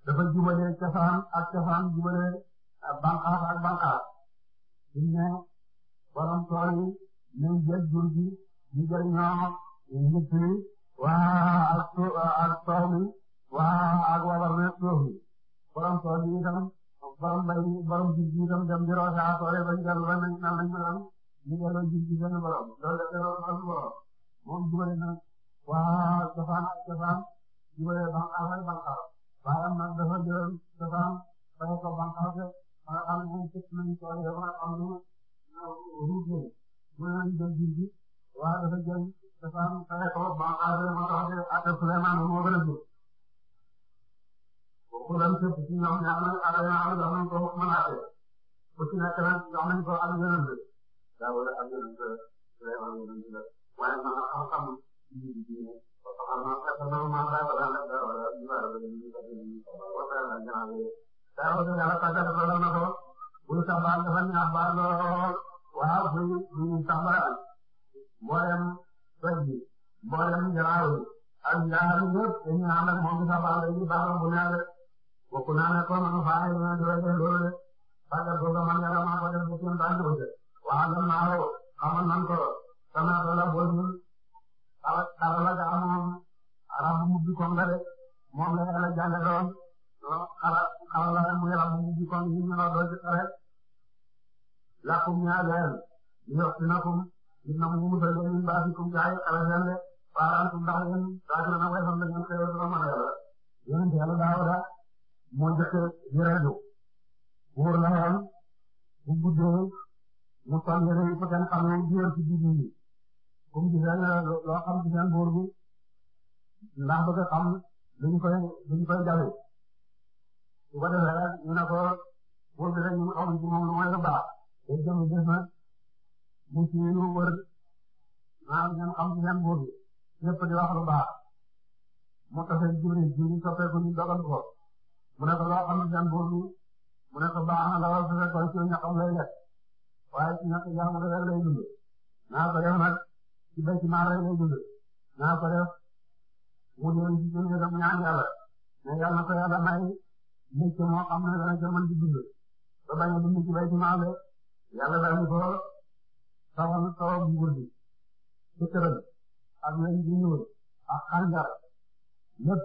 dafa jubale cosaan ak cosaan jubale banqaas ak banqaas ñu ne borom tool yi nañ jël jur gi ñu jël ñoo njëkk yi waa ak soo ak waaw ak wabar rek loolu borom tool yi itam borom mbay mi borom jiw bi itam dem di roosa tool yi bañ dellu ba nañ naan lañ mën a am ñu delloo jiw bi seen borom loolu la delloo seen borom moom jubale na waaw cosaan ak cosaan jubale ban affaire ban xarala waaye am na dafa jël cosaan fay ko ban xarala ba nga xam ne moom fekk nañu tool yi ba am lu ruut leen mën nañu jël jiw bi waaw dafa jël cosaan fay ko ban xarala ma tax a Souleymane moo gën a ku lan képp ci ñoom ñaar nañ àll ba ñaar ko mën a àggale ku ci nekk nag jox nañ ko ak yonent daawul ak yonent Sulaymaan yonent la waaye man xam-xam yi di diine ba xam naa fekk naa maa daa ko daan def daawul ak ñu war a bëgg ñu ko bëgg wa fayal ak ñaar yooyu daawul yàlla tàggat la la na ko buy sabbal dafa ñaax baal lool waaw buy buy sabbal mboolem doj bi mboolem jaraaw yi ak ñaar yëpp dañuy ànd ak moom di sabbal dañuy baaxal bu ñaar bokk naa ne comme am faa yi ñu ngi leen di loolu de fàggal ko man yàlla maa ko def bu fi mu daan ñëw de waaw dem naa ko xamal nan ko sama dola booy ñu alal la gaa moom arab bu mujj koŋ la de moom la yàlla jàngaloon xala xala la mu yàlla bu mujj koŋ yi ñu la doon ci xare lakum ñaa leen yoftinakum dina mu musal leen min baasikum jaay xale seen de waaw antum ndax yéen daa gën a way xam ne ngeen xëyoo dina mën a yàlla yéen yàlla daaw daa moo njëkk di reedu wóor la xel bu guddee mu sol yére yi fa kenn xamee jiwër ci biir nit ñi comme gisee loo xam ci seen buur bi ndax bëgg a xam duñ koy duñ koy jawe su ko defee rek ñu ne ko buur bi rek ñu xam ci moom lu mooy lu baax te jëm gis na mu ci lu wër maanaam ñoom xam ci seen buur bi lépp di wax lu baax mu tase Jibril Jibril soppeeku ñu dogal ko mu ne ko loo xam ne gan boobu mu ne ko baax na la war a fekk koy ci ñaxam lay lekk waaye ci ñax jaamu ko rek lay dund naa ko def nag ci béy ci maar rek lay dund naa ko def mu dee ci suñu yëngam ñaan yàlla mais yàlla na ko yàlla may mbéy moo xam ne dana ca mën di dund ba bañ a dund ci béy ci maar rek yàlla dañu ko tawal tawal bu wër bi ci këram ak ñoom ñu ñëw ak xanjar lépp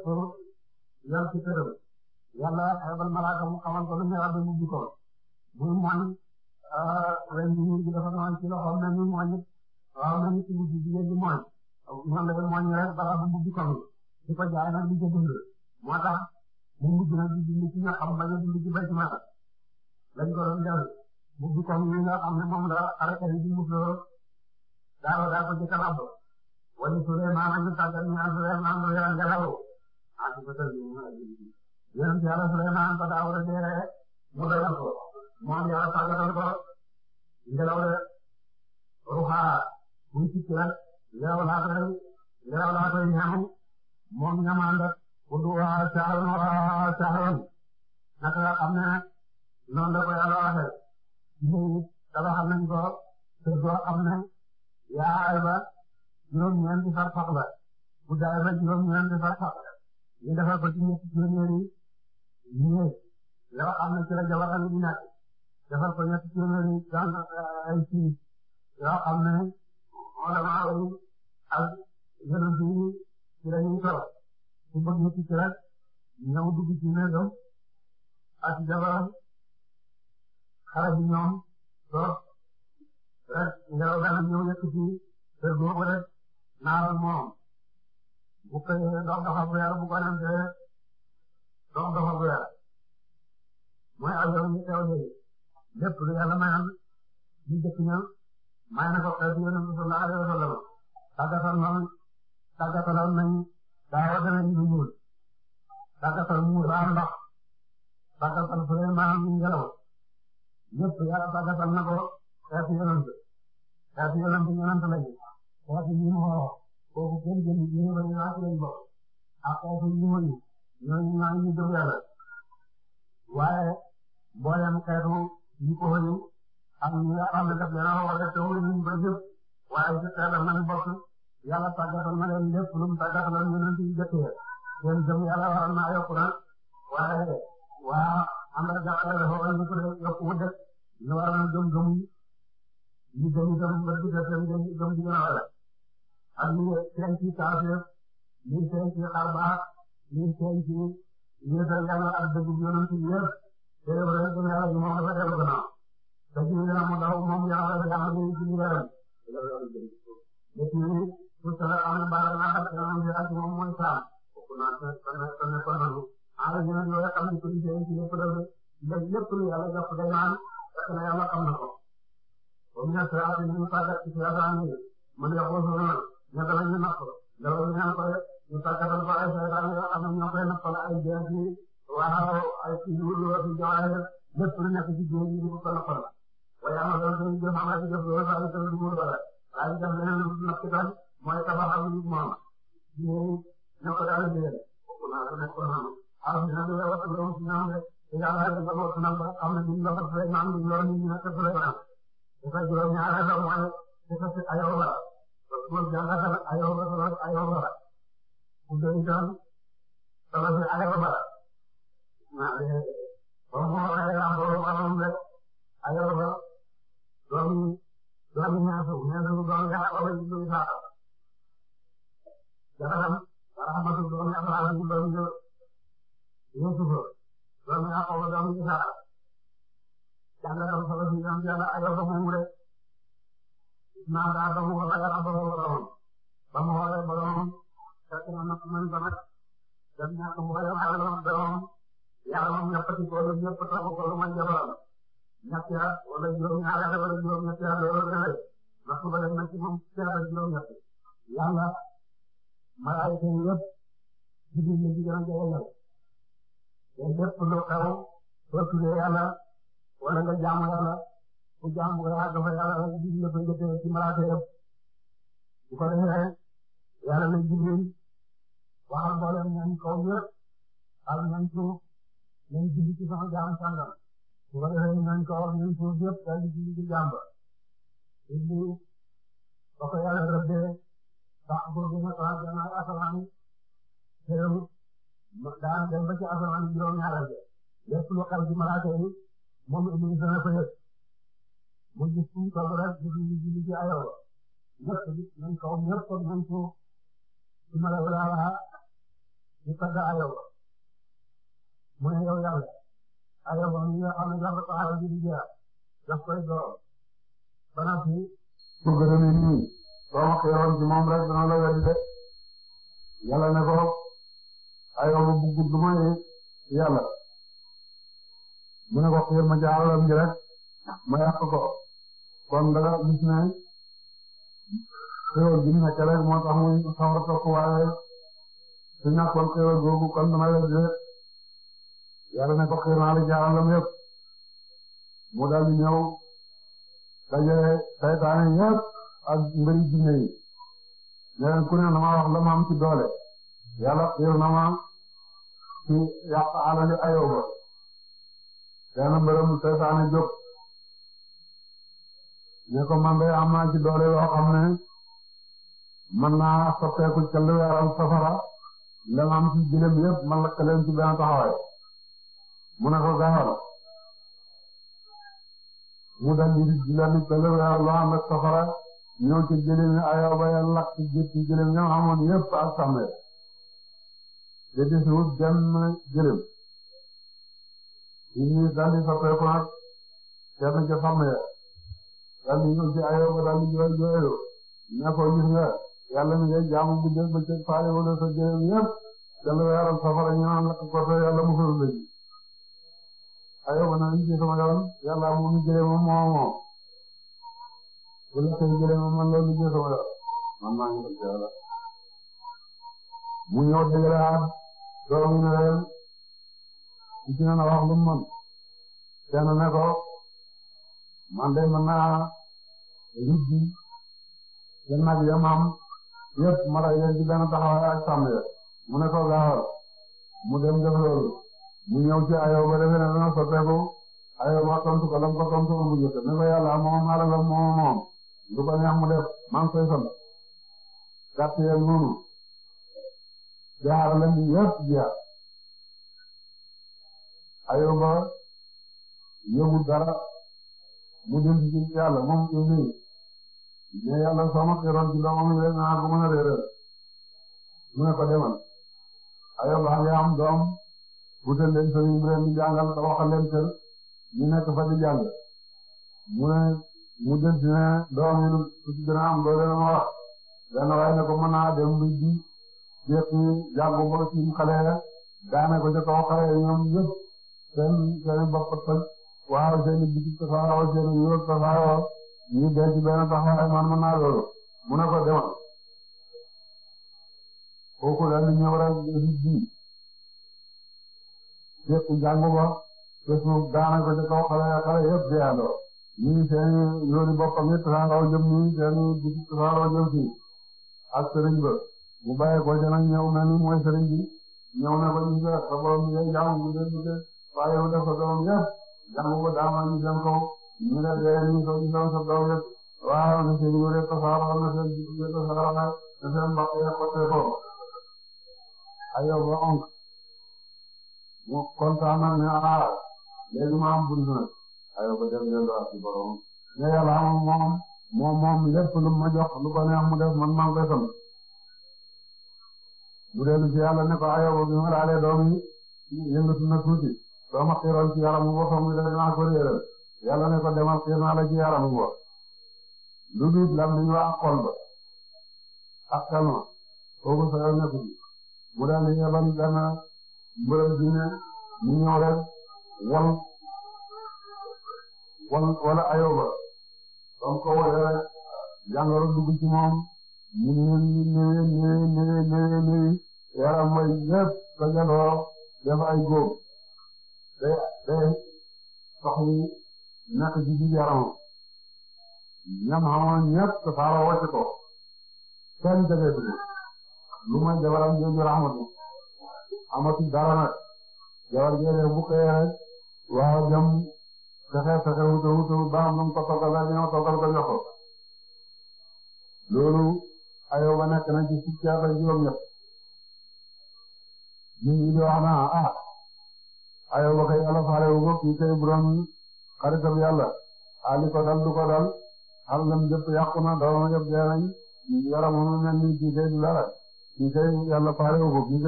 yàlla ci këram. yàlla xeebal malaaka mu xamal ko lu muy wax mu jikko muy moñ ren jii ñu dafa doon ci loxoom na ñu moñ waaw na ñu ci mujj bi ngeen di moñ ñoom dafa moñ rek mu jikko di ko jaay nag di ko dund moo tax mu mujj nag di dund ci nga xam bañ a dund ci bay ci mara lañ ko doon def mu ne moom la arrêté di musloo daal daal ko jëkk a lab wala Souleymane ñu tàggat ñu Souleymane ñu yàlla ngelaw ah ci bëtër bi ñu ngi yonent Yàlla Suleymaan ba daaw la dee mu doyal ko moom Yàlla fàggatal ko ngelaw le ruxaa buy sikkal ngelaw laa koy ngelaw laa koy ñamu moom ñamaan rek udduwaa sahran waraa sahran naka nga xam ne noonu la ko Yàlla waxe ñuy tabaxal nañ ko kër goo xam ne yaay ba juróom-ñeenti farfax la guddaay ba juróom-ñeenti farfax la ñu defal ko ci ñetti téeméeri ñëwee yoo xam ne ci la jabaram di ko ñetti téeméeri gan ay siis yoo xam ne ulama yi ak yonent yi ci la ñuy solo ku bëgg ñu ci rek ñëw ak jabaram xale bi ñoom toog rek ngelaw daal ñëw yëkk ci kër googu rek naaral moom bu ko dox doxal bu soxna dafa bu yàlla mooy avion yi teew léegi lépp lu yàlla mayal ñu jëkk ña may na ko xeetu yonent bi sallallahu alayhi wa sallam tàggatal noonu tàggataloon nañu daawa dana ñu ñuul tàggatal Muusaa ndox tàggatal Suleymaan ngelaw lépp yàlla tàggatal na ko xeetu yonent xeetu yonent yonent lañu xeetu yi mu xooloo kooku kenn jënd jiw ba ñu naan lañu bokk ak xeetu yi mu ñooñu ñoo ngi gëm yàlla waaye mboolem xeetu yi ko xëy ak ñi nga xam ne daf leen a war a te wala ñu ko jëf waaye ci xeet am nañ bokk yàlla tàggatal na leen lépp lu mu tàggatal ñu leen di jëkkee seen gëm yàlla waral naa yokku na waaye waa am na jàppale dafa war ñu ko yokku wu dëkk ñu waroon a gëm gëm ñu gëm itam ba di def seen gëm gëm di gën a wala ak ñu seen ci taasir ñu seen ci xar baax liñ feeñ ci yéefar yàlla ak dëgg yonent yi yëpp te yow rek yàlla bi moom dafa dellu gannaaw te ci yéen a mu daw moom yàlla dafa yàlla day ci leeral te ci su sa am na baara naa ak yonent yi ak moom mooy saa bokk naa sa sa sa nekkoon nañu ala ñu ne yoo xam ne ci liggéey ci lépp dafa lépp lu yàlla jox day naan fekk na yàlla xam na ko ba mu nekk saa fi ñu fàggat ci saa saa ñu mën a yàqoo sa lool ñett la ñu napp loolu ñu ko rek ñu tàggatal ko ay saytaan yi nga xam ne ñoo koy nappal ay géej gi waaw ay ci lu ci joxe lépp lu nekk ci géej gi ñu ko nappal waaye am na solo suñu jëf am na ci jëf lool waaye itam lu mu doole waaye itam leneen lu napp ci tam mooy tabax ak lu moom ñu ñoo ko daal di leen naa ko nekk ko noonu alors ñu naan yow ak loolu si ñoom rek yàlla rek nga bokk na ba xam ne duñ la ko fay maam duñ lor nit ñi nekk ko lay maam dafa juróom ñaareel ak mooy dafa si ayoo bara loolu moom jàngatal ayoo bara ayoo bara ñu doon soxla si àll ba bala maa boobu moo waxee la boobu amoon rek àll ba bala doom doom ñaata ñaata ñu doon gàllankoor ba ñu doon saako jaaraam jaaraam ba tudd doom ñaata laa ñu doon jël ñu tudd doom ñaata ba doom ñu saako jàngatoon soxla si ñoom yàlla àll ba moomu rek maa daa doon mu wax ak yàlla ba mu waxee ba doon fekk na ma man ba ma dem ñàkk mboolem alalam doomam yàlla ñëpp ci góor ñëpp taxaw ko mooy jabaram ñetti at wala juróom-ñaari at wala juróom-ñetti at loolu la lay ndax ba dem na ci moom seetal juróom-ñetti yàlla malaayika yi yëpp jigéen ñi di gën a jege yow lépp lu xew soo tuddee yàlla wala nga jaamu yàlla ku jaamu ko yàlla dafa yàlla rek jigéen ñi koy jotee ci malaayika yëpp bu ko defee yàlla na jigéen waxal mboolem ñoom kaw yëpp ak ñoom suuf nañ julli ci sama jaam sangam su ko defee ñoom kaw ak ñoom suuf yëpp daal di julli ci jaam ba ibli ba ko yàlla rëbbee sax boobu na ko àjjana ak asamaan teewul daan dem ba ci asamaan juróom-ñaareel ba lépp lu xew ci malaaka yi moom ibli dana ko yëg mu gis suñ toog rek di julli ci ayoo ba ñëpp ñoom kaw ñëpp ak ñoom suuf su ma la walaala di tagg ayaba mu ne yow yàlla ayaba mi nga xam ne jox ko alal bi di jeex daf koy door ba na fi su gërëmee nii soo ma xeewoon ci moom rek dana la weddi de yàlla ne ko ayaba buggul lu may yàlla mu ne ko xiir ma ca alalam ji rek ma yàq ko kon dara gis ne xéewal gi mu nekk rek moo tax muy sawar topp waaye su ñàkkoon xéwal googu kon dama wedd yàlla ne ko xéwal naa la jaaranlam yëpp mu daal di ñëw dajale saytaane yëpp ak mbëri jinne yi ne ne na ma la ma ci doole yàlla xéwal na ma ci yàq alali ayoba benn mbërëm saytaane jóg ne ko man de am naa ci doole loo xam ne mën naa soppeeku ca lu yaram safara la am ci gëlëm yëpp ma lakk leen ci benn taxawaay mu ne ko gaawal mu dal di di la nit la loo xam ne safara ñëw ci ya lakk ci gëlëm ñoom amoon yëpp ak sàmme te desiwut benn gëlëm ñi dal di soppeeku nag kenn ca sàmme ya dal di ñëw ci ayoo ba dal di jooy jooylu ne ko gis nga yàlla na ngay jaamu guddeeg bëccëg faale wala sa jërëm yëpp te lu weeral safara ñu naan lakk ko soo yàlla musal la ci aywa na li ci sama yoon yàlla moom jërëm moo moo bu la koy jërëm man loolu ci sama yoon man maa ngi sant yàlla mu ñëw dëgg la doom yi ne leen ci ci na wax lu mu mën kenn ne ko man de mën naa rëdd te nag yamam ñëpp malayka yi ci benn taxawaay ak sàmm ya mu ne ko gaawal mu dem def loolu mu ñëw ci ayoo ba defee ne dana soppeeku ayoo ba tontu ko lam ko tontu ko mu jëkk ne ko yàlla moom alalam moom moom lu ko neex mu def maa ngi koy sant gàtt yeeg noonu jaaraale bi yëpp jeex ayoo ba yëngu dara mu dem ci yàlla moom ci ne yàlla soo ma xiiroon ci doomam réer naa ko mën a réeral mu ne ko demal ayoo baa ngi am doom wutal leen sëriñ bu leen di jàngal te waxal leen kër ñu nekk fa di jàng mu ne mu del si ne doom yi lu ci gën a am loolu leen wax benn waaye ne ko mën naa dem bi di jékki jàngu ba ci xale daane ko ca kaw xale ñoom yëpp seen seen bopp toj waaw seen i bitik tasaaroo seen i yóor tasaaroo ñu del ci benn taxawaay man mën naa loolu mu ne ko demal kooku daal di ñëw rek di ji yëpp jàngu ba te suuf daanaka ca kaw xale xale yëpp dee àndoo ñii seen yooni boppam it tasaaroo jëm nii seen bisu tasaaroo jëm fii ak sëriñ ba bu bàyyee ko jana ñëw mel ni mooy sëriñ bi ñëw na ko ñu sa sa borom bi ngay jaamu mu dee waaye yow def ko doom yëpp jàngu ba daama ñu seen kaw ñu ne leen ñu ko gisoon sa kaw yëpp waaw na na seen yore tasaaro na seen mbaq ya xotteekoo ayoo ba onk mu kontaan na ne ah léegi ma am buntu nag ayoo ba dem leen doon ci borom moom moom moom lu ma lu ko neex mu def man maa ngi koy sam bu dee lu ne ko ayoo ba bi ma laalee doom yi yëngatu na tuuti doo ma xiiroon ci yàlla mu boppam mu def naa ko réeral yàlla ne ko demal xiir naa la ci yaramu ngor lu dul lam li ñu wax ak kanam kooku sa yoon nekku mu daal di yebal benn mbërëb dine mu ñëw rek wol wol wala ayoba comme ko wole rek jàngoro dugg ci moom mu néew néew néew néew ay góob day day soxli ñàkk ji ci yaramam ñam xamoon ñëpp saara wocc ko kenn jageetu ko lu may jabaram jooju rahmatu amatu dara nag jabar jeelee bu xëyee rek jam fexe fexe wuute wuute ba am lu mu ko toggal rek ñëw toggal ko jox ko ci fukki at ak juróom ñett nit ñi di wax naa ah, kay ala faale wu kay bu doon xaritam yàlla ali dal du ko dal alalam jëpp yàqu na doomam yëpp dee nañ yaramam lu mel ni kii kay du dara wu ko kii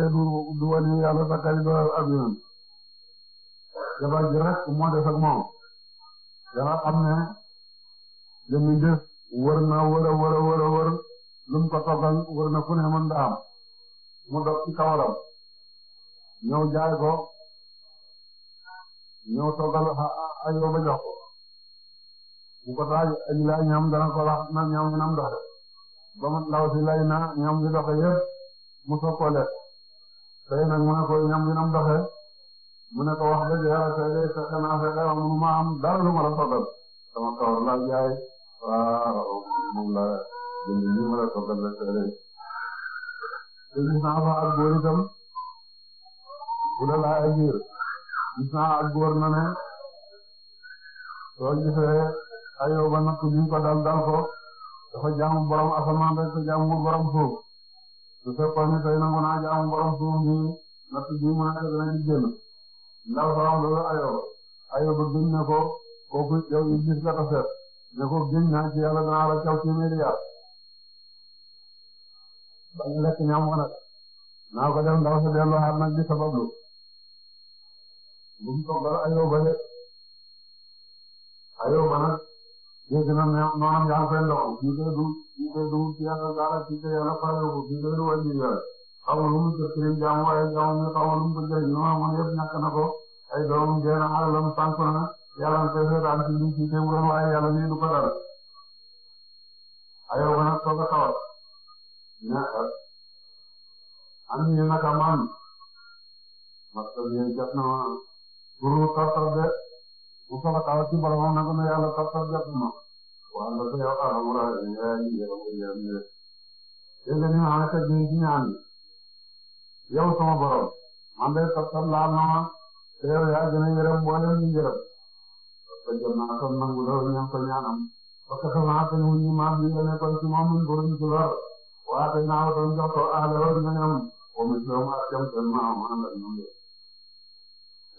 du wali yàlla sa kari do abinan jabar ji rek moo des ak moom danga xam ne li muy wër na wër wër wër lu mu ko toggal wër na fu ne mën mu dox ci ñëw jaay ko ñëw toggal Ayyuba jox ko bu ko taaj Ayla ñoom dana ko wax na ñoom nam dox ba mu ndaw si lay na ñoom doxe yëpp mu soog koo lekk tey nag ko ñoom ñu nam doxe mu ne ko wax dëgg yàlla tey de fexe naa fexe waaw mënu ma am dara lu ma la sogal sama kawar laa jaay waaw moom la jënd ma la la tey de te gis naa fa ak góor itam bu la laay agir gis naa na ne soo gisee Ayuba natt biñ ko dal dal ko dafa jaamu borom asamaan rek te jaamuwul borom suuf su fekkoon ne tey nangu naa jaamu borom suuf nii natt bii mu nekk dana ci génn ndaw sa wax loolu Ayuba Ayuba gën ne ko kooku yow Iblis nga ko seet ne ko gën naa ci yàlla danaa la caw téeméeri yàlla ba nga lekk ñam wa nag naa ko def ndaw sa delluwaat nag di sabablu bu mu toog dara Ayuba rek ayóoba nag dégg na ne noonam yaa ngi koy ndoxal fii koy dugg fii koy dugg ci yàlla dara fii koy yàlla fareewul fii koy dugal ci yàlla xaw ma lu mu jot ci leen jaamu waaye jaamu bi xaw ma lu mu ko jëriñ lu ma amoon yëpp ñàkk na ko ay doomam génn alalam sànq na yàlla na koy seetaan ci liñ ci teewuloon waaye yàlla lii du ko dara ayóoba nag soo ko tawat ñaata am nañu naka maam parce que jot na ma pour mu tar tar de. bu soxla taw ci boromam nag nu yàlla topp ak jot na waaw loolu yow xaaral ma raadu yow yaa ngi yoroon yow yaa ngi yoroon dégg nga ni maanaam kër gi ñu ci ñaan bi yow sama borom man de topp tam laal na ma te yow yaa gën a yërëm mboolem ñu yërëm te jot naa tam nangu loolu ñoom ko ñaanam parce que xam naa seen wuñu maam bi nga nekkoon ci moom ñu bëriñ ci lor waaye tey naa la doon jox ko aale woon nga ñoom comme ni ñu doon wax ak yow seen maam maanaam la ñu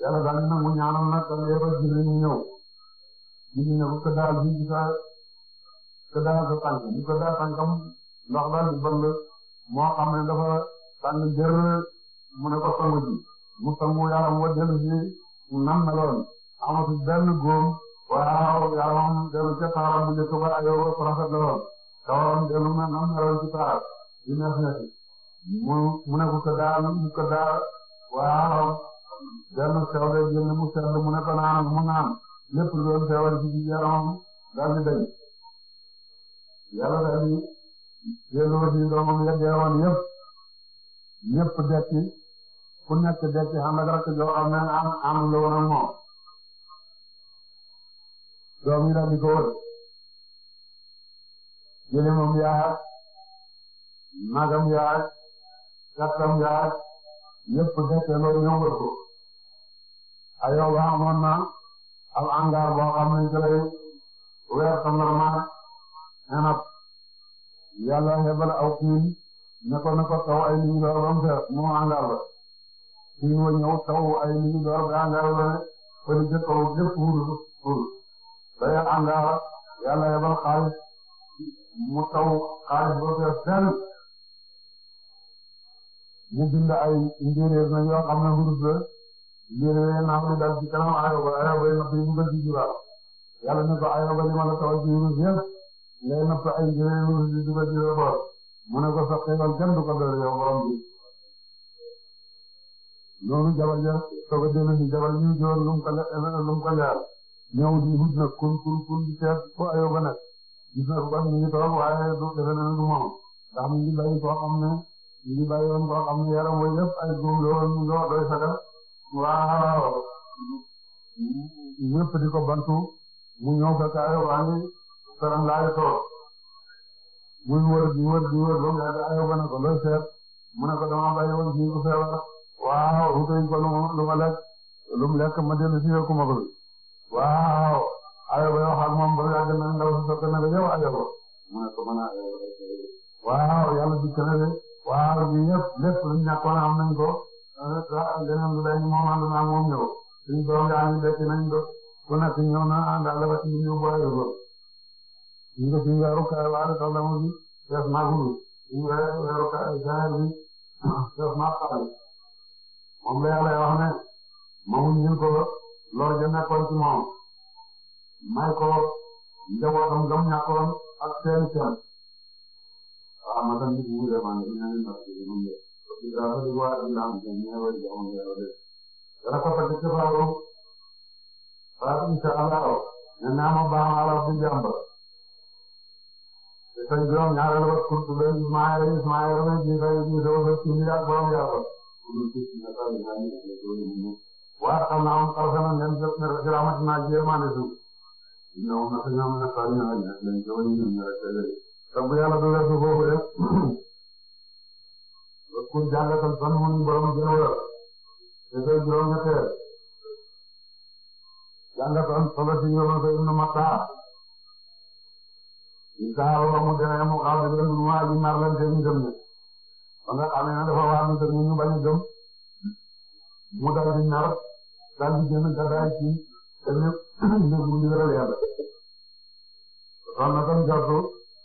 yàlla daal di nangu ñaanal nag da ngay yebal jinne ñu ñëw jinne ne ko këddaal bi ci sa këddaal sa tànk bu këddaal tànkam ndox daal di bënd moo xam ne dafa tàng jër mu ne ko sangu ji mu sangu yaram wa dellu si nam meloon amatu benn góom waaw yaram dellu ca taaram bu njëkk ba ayoo ko rafet la woon tawaram dellu na nam meloon ci taar di neex neex mu mu ne ko këddaal mu këddaal waaw dellu sew de génn mu sell mu ne ko mu naan lépp lu doon feebar ci yaramam daal di dañ yàlla daal di delloo ci doomam ya deewoon yëpp ñëpp dekki ku nekk dekki ànd ak rakk joo xam ne am am la woon ak moom doom yi daal di ko wër jëlimam yaak magam yaak kattam yaak yëpp dekke loolu ñëw wër ko Ayoba amoon na ab angar boo xam ne jëlay weer tàndarma nee na yàlla yebal aw xiin ne ko ne ko taw ay li ñu door ba mu fees moom angar ba xiin wa ñëw taw ay li ñu door ba angar ba ne fa di jëkkoo gépp wurus wurus day angar yàlla yebal xaalis mu taw xaalis ba fees seen mu bind ay njéeréer na yoo xam ne wurus la yéen a ngi dal ci kanam Ayba Ayba yi napp yi mu ngi dugal yàlla ne ko Ayba li ma la tawal ci Yunus yëpp ngay napp ay njëriñ Yunus di dugal ci mu ne ko sa xéewal kenn du ko doole yow borom bi loolu ja soog a dellu si jabal ñu joor lu mu ko lu mu ko leer ñëw di wut nag kun kun kun di seet ko Ayba nag gis na ko ñu ngi toog waaye na du mu ngi bàyyi koo xam ne mu ngi bàyyi woon koo waaw ñëpp di ko bantu mu ñëw ba caa yow maa ngi faram laay toog muy wër di wër di wër ba mu yàgg aywa ne ko looy seet mu ne ko dama bàyyi woon fii ku feebar waaw ruuteñ ko lu lu ma lekk lu mu lekk ma dellu si yokku ma ko waaw aywa yoo xam moom ba yàgg na ndaw si soog a ne yow aywa mu ne ko mën a aywa waaw yàlla dikk na de waaw ñun ñëpp lépp lu ñàkkoon am nañ ko. alhamdulilah ñu moom ànd naa moom ñëw suñu doom yaa ngi lekk nañ ko ku nekk ñëw na àndaale ba ci li ñu boole ko ñu ngi suñu weeru kaay waale sax dama ji fees naa gudd suñu weeru kaay janvier bi fees naa xaal moom la yàlla wax ne moom ñu ko lor ja nekkoon ci moom may ko njabootam gam ñàkkoon ak seen i seen waaw ma dem di dafa di waat ndam ne wari jamono yo de dara ko pat ci faaru faaru insha Allah ne nama ba ala bu jamba te tan joom ñaaral wa ko tu len maare maare ne di bay di do do ci ni ak borom yàlla lu ci na ta ni hani ne do ni wa xana on ko xana ñen jëf na ramat na jeemaane du ñoom na ñoom na xani na len do ni ñu rek te bu yàlla do la do bo ku jàngatal ban mooy borom gën a wér dafay juróom-ñetteel jàngatal solo si yow Seydou Ndou Makhtar li saa woo mu demee mu xaw a jël lu mu aji nar leen seen ngëm ne ba nga xamee ne dafa war ngëm ñu bañ a gëm mu dal di nar dal di génn gàddaay ci te lépp lépp lu mu di wéral yàlla. kon nag am jàpp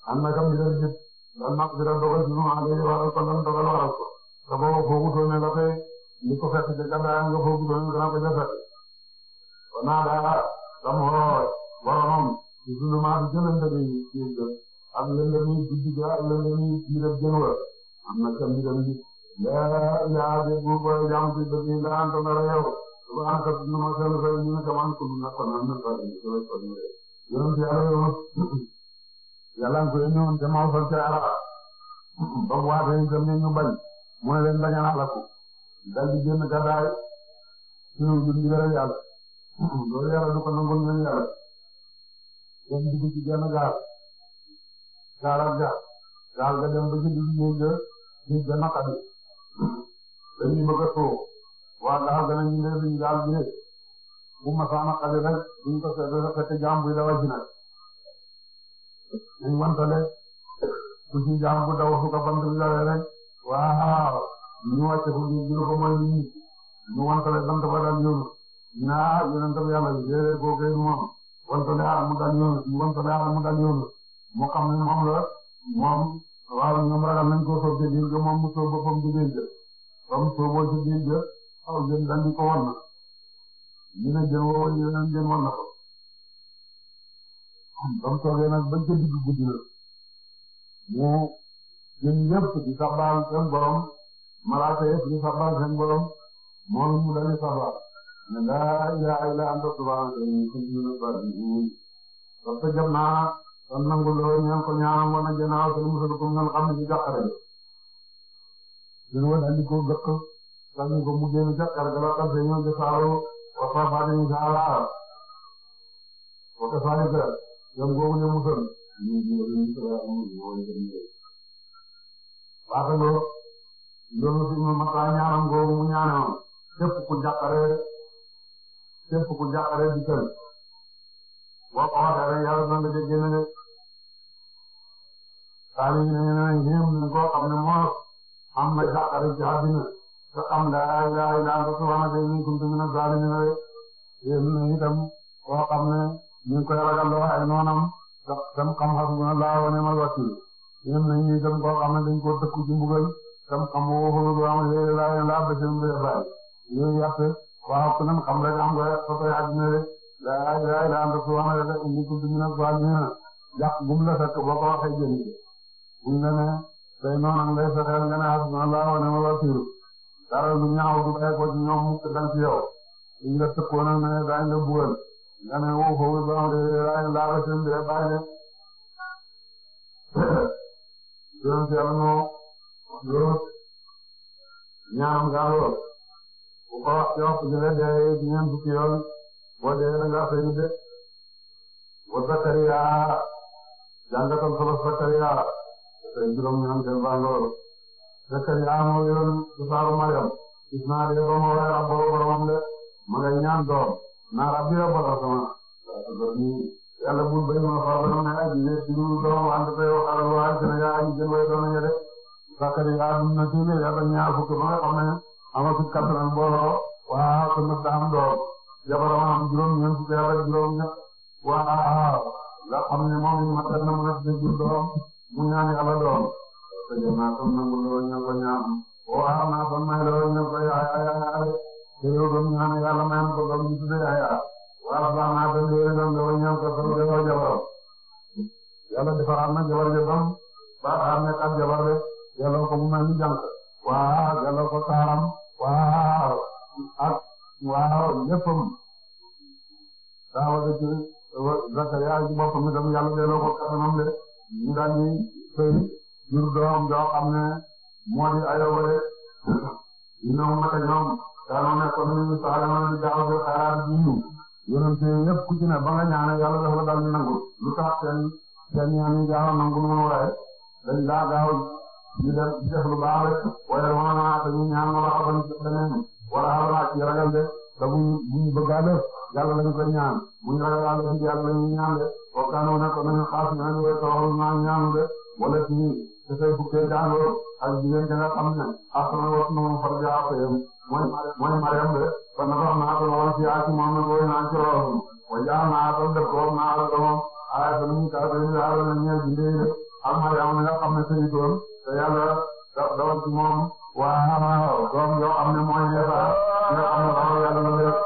am na kam di leen gis. lan moo ko gëral dogal bi mu aadee waral ko lan dogal waral ko te booba foogutoon ne la koy li ko fekk ci gàddaa nga foogutoon ne dana ko jëfee kon naa daa dama woo boromam ci zulumaat bi jëlante bi ci jëm ak lëndëm yi guddi ga ak lëndëm yi biir ak jën wa am na seen biir bi yaa yaa bi bu boy jàmm ci dëkk yi daan doon dara yow subhanaka nu ma seen sa ñu ne kamaan ko na kon am na sa ñu ko ko ñu yonent yàlla yow yàlla nga ko yónnee woon ca Mawfal ca Araba ba bu waatee itam ne ñu bañ mu ne leen da ngeen alaku dal di génn gàddaay ci lu dul ndigal yàlla loolu yàlla du ko nangul ñu yàlla dem dugg ci genn gaal gaal ak gaal gaal ga dem ba ci dugg géej ga géej ga naqadi dañuy bëgg a tóo waa gaal ga nañu ne duñ gaal gi bu ma saa naqadi rek duñ ko seetee fekk jaam buy dawal ji nag ñu wantale ku ci jaamu bu daw fu ko bant bi lawee rek waaw ñu wàcce fu naa yeneen tam yàlla bi déedéet koo koy moom wantale aar ah, mu daal yoonu ñu wantale aar ah, mu daal yoonu mu xam ne moom la moom waaw ñoom ragal nañ ko soob ne jën woo ñu ne jën ba mu toogee nag mu ñun ñëpp di sabbal seen borom malaaka yëpp di sabbal seen mu daal di sabbal laa ilaaha illa anta subhaanaka innii kuntu mina z-zaalimiin te jot naa kon nangu loo ñaan ko ñaanal woon ak gannaaw te musul ko ngeen xam ne ci jàkkaare bi. suñu woon daal di ko gëkk sànni mu génn wa faafaate ñu saa jëm boobu ñu musal ñu mu ñaanoon képp ku jàqare képp ku jàqare di tël boo ko waxee rek yàlla danga ca génne de taali yi ne him ñu ko xam ne moo am na jàqare ci àddina te xam laa ilaaha illa anta subhaanaka innii kuntu mina zaalimiin itam koo xam ne ñu ngi koy ragalloo ay noonam sax tam xam hasbuna Allah wa ni'mal wakil ñoom ñoo ñuy dem koo xam ne dañ koo dëkku ci mbugal tam xam woo ko lu am léegi laa leen laa bëgg seen mbéy baay yooyu yàq waaw ku ne xam rek am nga soto yaa ci ne rek yaa yaa yaa ndax su ma ne rek indi tuuti ñu ne waa ñu ne yàq gum la fekk boo ko la ne tey noonam ngay fexeel nga ne hasbuna Allah wa ni'mal wakil ko ci ñoom la bugal. nga ne moom foofu ba xam ne daal laa ko seen biir bàyyi ne jërëm si yàlla moo lool ñaaram gaa lool bu ko wax ci waxtu bi nga dee ñeent fukki yoon boo dee da ngaa fay ñu de wa Zakariya jàngatal ko Zakariya tey juróom-ñaan seen baa lool Zakariya moo yoon ci saaru Mariam gis naa de ba mu war a borom de ma nga ñaan doom. naara biira bolo sama yalla bul bay ma farba non ala jide sinu do wande be o kala lo al gëna ya ñu gën way do na ñede sakari ya dum na tuule ya ba ñaar fukk ba nga xam ne ama su kattan boolo wa ko ma dam do jabara am juróom ñeen fukk ya ba juróom ña wa la xam ne moom ma tan na mu na jëgul doom mu ñaan yalla doom te na tam na mu lo ñaan ko ñaan wa na tam na lo ñaan ko ya ya ya te yow ba mu ñu xam ne yàlla may na ko ba mu ñu tuddee Yahya waaw baax naa benn yéen doon dafa ñëw ko sama jabar jabaram yàlla defaraat na jabar jabaram baax naa nekkat jabar rek yàlla ko mu mel ni jànk waaw yàlla ko taaram waaw ak waaw léppam daawata ci Zakariya ci boppam itam yàlla delloo ko kattanam de ñu daal di sëy jur doom joo xam ne moo di Ayoba de ñoom naka ñoom Karno nekkoon nañu sax dama leen jaxase xalaat bu ñëw yonent yëpp ku ci ne ba nga ñaanal yàlla dafa dal di nangu lu tax seen seen ñaan yi gaaw a nangu lu mu waaye dañ daa gaaw ñu def def lu baax rek waaye dama naa te ñu ñaan wala xaban ci feneen wala xaban ci ragal de te bu bu ñu bëgg a def yàlla lañ koy ñaan bu ñu ragal yàlla lañ ñaan de kooku Karno nekkoon nañu xaas ñaan yooyu te waxul naa ñaanu de wala ci te tey bu dee daanoo ak jigéen da nga xam ne ak sama waxtu moomu farja afeem mooy mooy Mariam de kon nag wax naa ko lool si àgg moom la booy naan ci loolu wa jaaxal naa ko def ko naa la doomam ay fan yu kaay bi daal la ñëw jigéen ñi ak Mariam mi nga xam ne sëy doon te yàlla dawal ci moom waa doom yoo xam ne mooy Eva nga xam ne loolu yàlla na def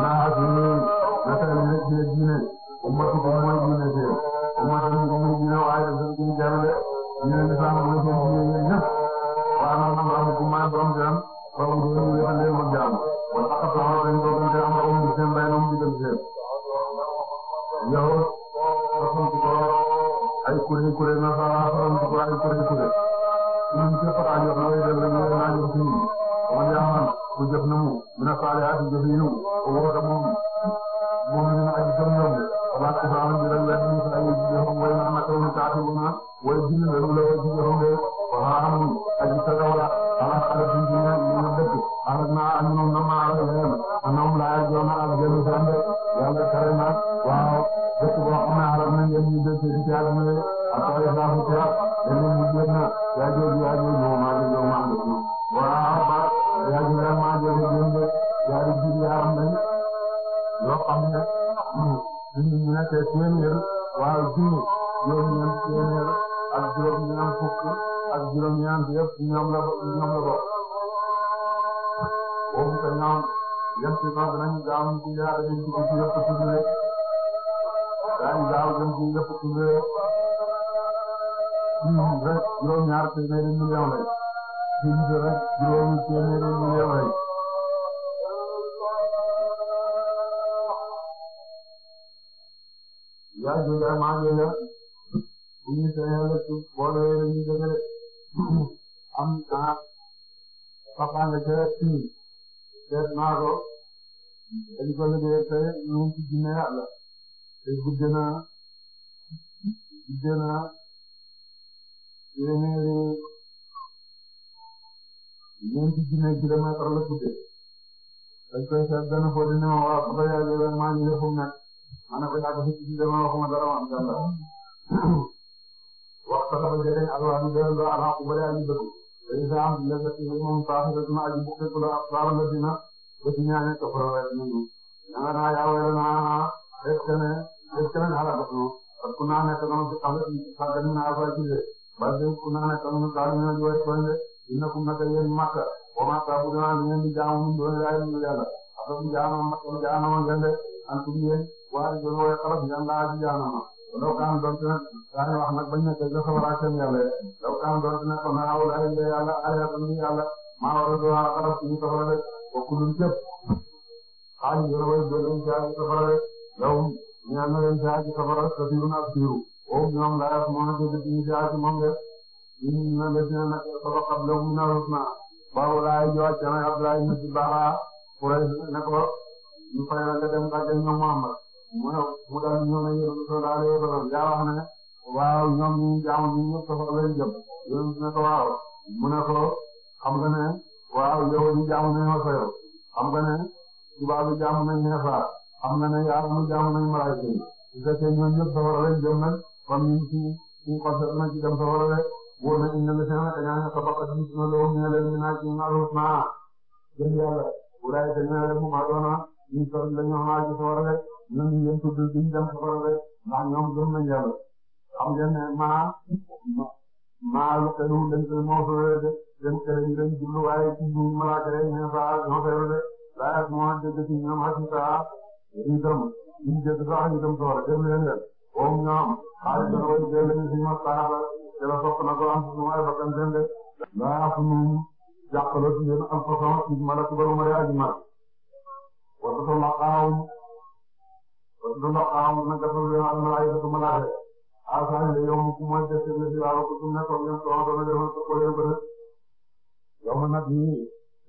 naa ak yéen nga xam ne dina dina dina ummatu ko mooy dina. ñu ne la sax ma wëccee ci yéen ñëpp waaw man maa ngi leen di gërëm أصحاب الذين يتبعون كفروا ويؤمنون أننا يا ويلنا ليس لنا ليس لنا هلكتنا قد كنا نتكلم في قبل قدمنا أفاجل بل كنا نتكلم في قبل من جوار كل إنكم نتكلم مكة وما تعبدون من بجاه من دون الله من الله أفهم جانا مكة جانا من جنة أنتم ين وارجل ويقرب جنة جانا ما لو كان دونتنا كان أحمد بن كذا خبرات من الله لو كان دونتنا كنا أولئك الله أيها الله maa war a doon rafetal suñu safara de bokkul lépp xaalis yéen a koy jëlee ci ay safara de yow ñaan na leen ci ay safara te siiru na ak siiru boobu ñoom laaj ak moom itam ci ñu jaay ci moom de ñun ñun dañu leen a soxla xam ne mu narut naa baabu laay joxe ca nag Abdoulaye ñu ci baaxaa pour ne ko ñu fay la nga dem ka jël ñoom Muhammad mu mu daal ñëw na yéen a soxla leen safara yaa wax ne waaw ñoom ñu jaamu ñu ñëpp safara leen jëm yéen ne ko waaw mu ne ko. xam nga ne waaw yow di jaamu nañu ko yow xam nga ne tubaab bi jaamu nañu nasaara xam nga ne yàlla mu jaamu nañu malaaka yi su fekkee ñoom ñëpp safara lañ jëm nag kon ñu ci suñu conseil na ci dem safara rek wóor na inna la seen dañaa ne sabaqat husnaa lahum mina al-minaa al-husnaa jëm yàlla ulaa'ika alladhiina hum a'lamuuna ñu sol la ñu xanaa ci safara rek ñun ñu yem tudd duñ dem safara rek ndax ñoom gëm nañ yàlla xam ngeen ne maa maa lu xelu dañ koy moo sore rek seen kër yi lañ jublu waaye ci ñun malaaka yi ñu ne saa ñoo feeru de laaj ak moo dégg ci ñoom ak ci saa ñu dem ñu dégg sax ñu dem soor dem leen leen comme ñoom xaalis dana koy dee lañu si ma saaba te la sopp na ko am suñu ay bakkan seen de laa suñu jàqalo ci yéen am façon ci mala tubaru ma yaa ji ma wata sa laqaawum wata sa laqaawum na gafal leen ak malaayikatu malaaka asaani la yomb ku mooy def seen la si laa ko su nekkoon ngeen soxna dana demal sa ko leen ba yow ma nag nii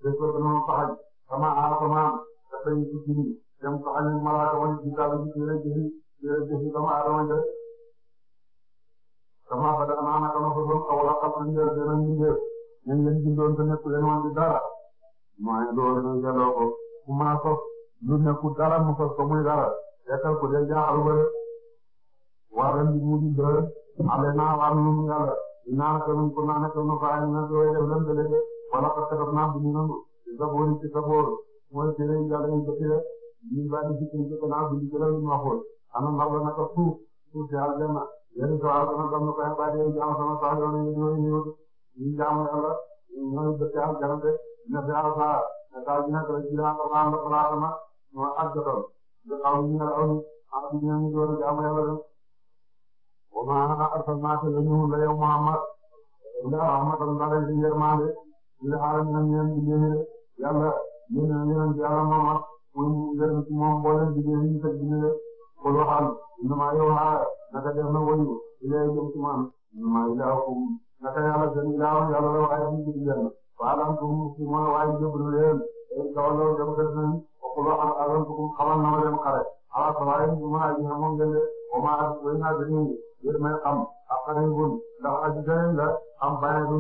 bés ba dama faxal sama asamaan dafa ñu ci jiw dem faxal ñu malaaka woon ci daal di jëlee jëli jëlee jëli sama aadama jëf sama ba dama naka ma fa doon xaw a xam nañ leen danañ liggéey nañ leen bindoon te nekkul leen woon di dara mooy loolu nag yàlla ko ku maa sos lu nekkul dara mu sos ko muy dara tekkal ko de jaaxal ba de waa ren bi mu di dër am naa am lu mu yàlla naa ko nu ko naa nekk nu ko ay na doy def leen de wala parce que maa bu ñu nangu Zabor ci Zabor mooy téere yàlla yi jëkk ya ñu bàyyi ci seen jëkk naa bu ñu jëlal ma xool ana ndaw la naka suuf suuf si aljanna yéen sa ala sama dam ko ya baaje yi jaam sama sa yoon yi ñoo ñu ñu jaam yàlla ñoo jëkk aljanna de na fi ala sa na ka dina ko ci la ko am ko la sama no addo do aw ñu na aw ak ñu ñu do jaam yàlla wa ma arsalnaka la ñu la yow muhammad ila rahmatan lil alamin li xaaral ñoom ñoom ñu génne de yàlla yéen a yéen a ngi yàlla Muhammad muy yéen ci moom mboolem bi ngeen ñu fekk dina de kon waxal innamaa yuuhaa naka def na wayu ilay jëm ci man innamaa ilaahukum naka yàlla seen ilaah yàlla la waaye am ci yéen fa'alantum ci mooy waaye jëblu leen ay dawlaw dem def nañ waxul waxal alantukum xamal na ma dem xare ala sawaay ñu ma aji xamoon ngeen de wa ma aji way naa dañuy yéen may xam ak xare bun ndax aji jëlee la am bàyyi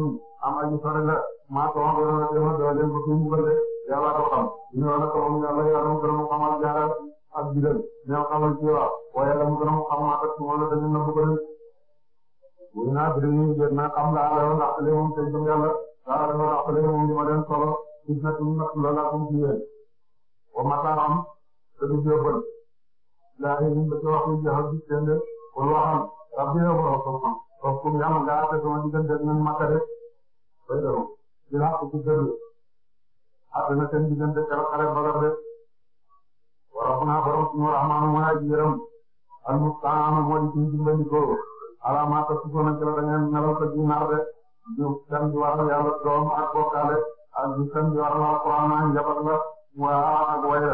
amal ñu soxla nga maa ko wax dëgg yàlla doon leen ko fi mu bëgg yàlla ko xam ñu ne la ko moom yàlla yàlla mu gën a mu xamal jaaral ak digal ñoo xamal ci waaw waaye yàlla mu gën a mu xam maa ko ci moom la dañu nëbb ko rek. wuyu naa bëri ñu jot naa xam laa la yoon ndaxte moom tey jëm yàlla laa la doon ndaxte moom li ma leen solo gis na tuuti ndax loolu laa ko mu jiyee wa mataa am te du jébbal laa yi ñu bëgg wax ñu jeexal gis seen de wala waxal rabbi yow borom xam-xam ba yow dinaa ko guddalu ak dina seen diggante keroog xare Badar de wa rabbuna borom suñu rahmaanu mooy aji yërëm al musta'aanu moo di suñu dimbandikoo ala maa tasifuuna ci la da ngeen melal ko ji nar de eh? ju seen di waral yàlla doom ak bokkaale ak ju seen di waral alquran njabot la waa ak wayla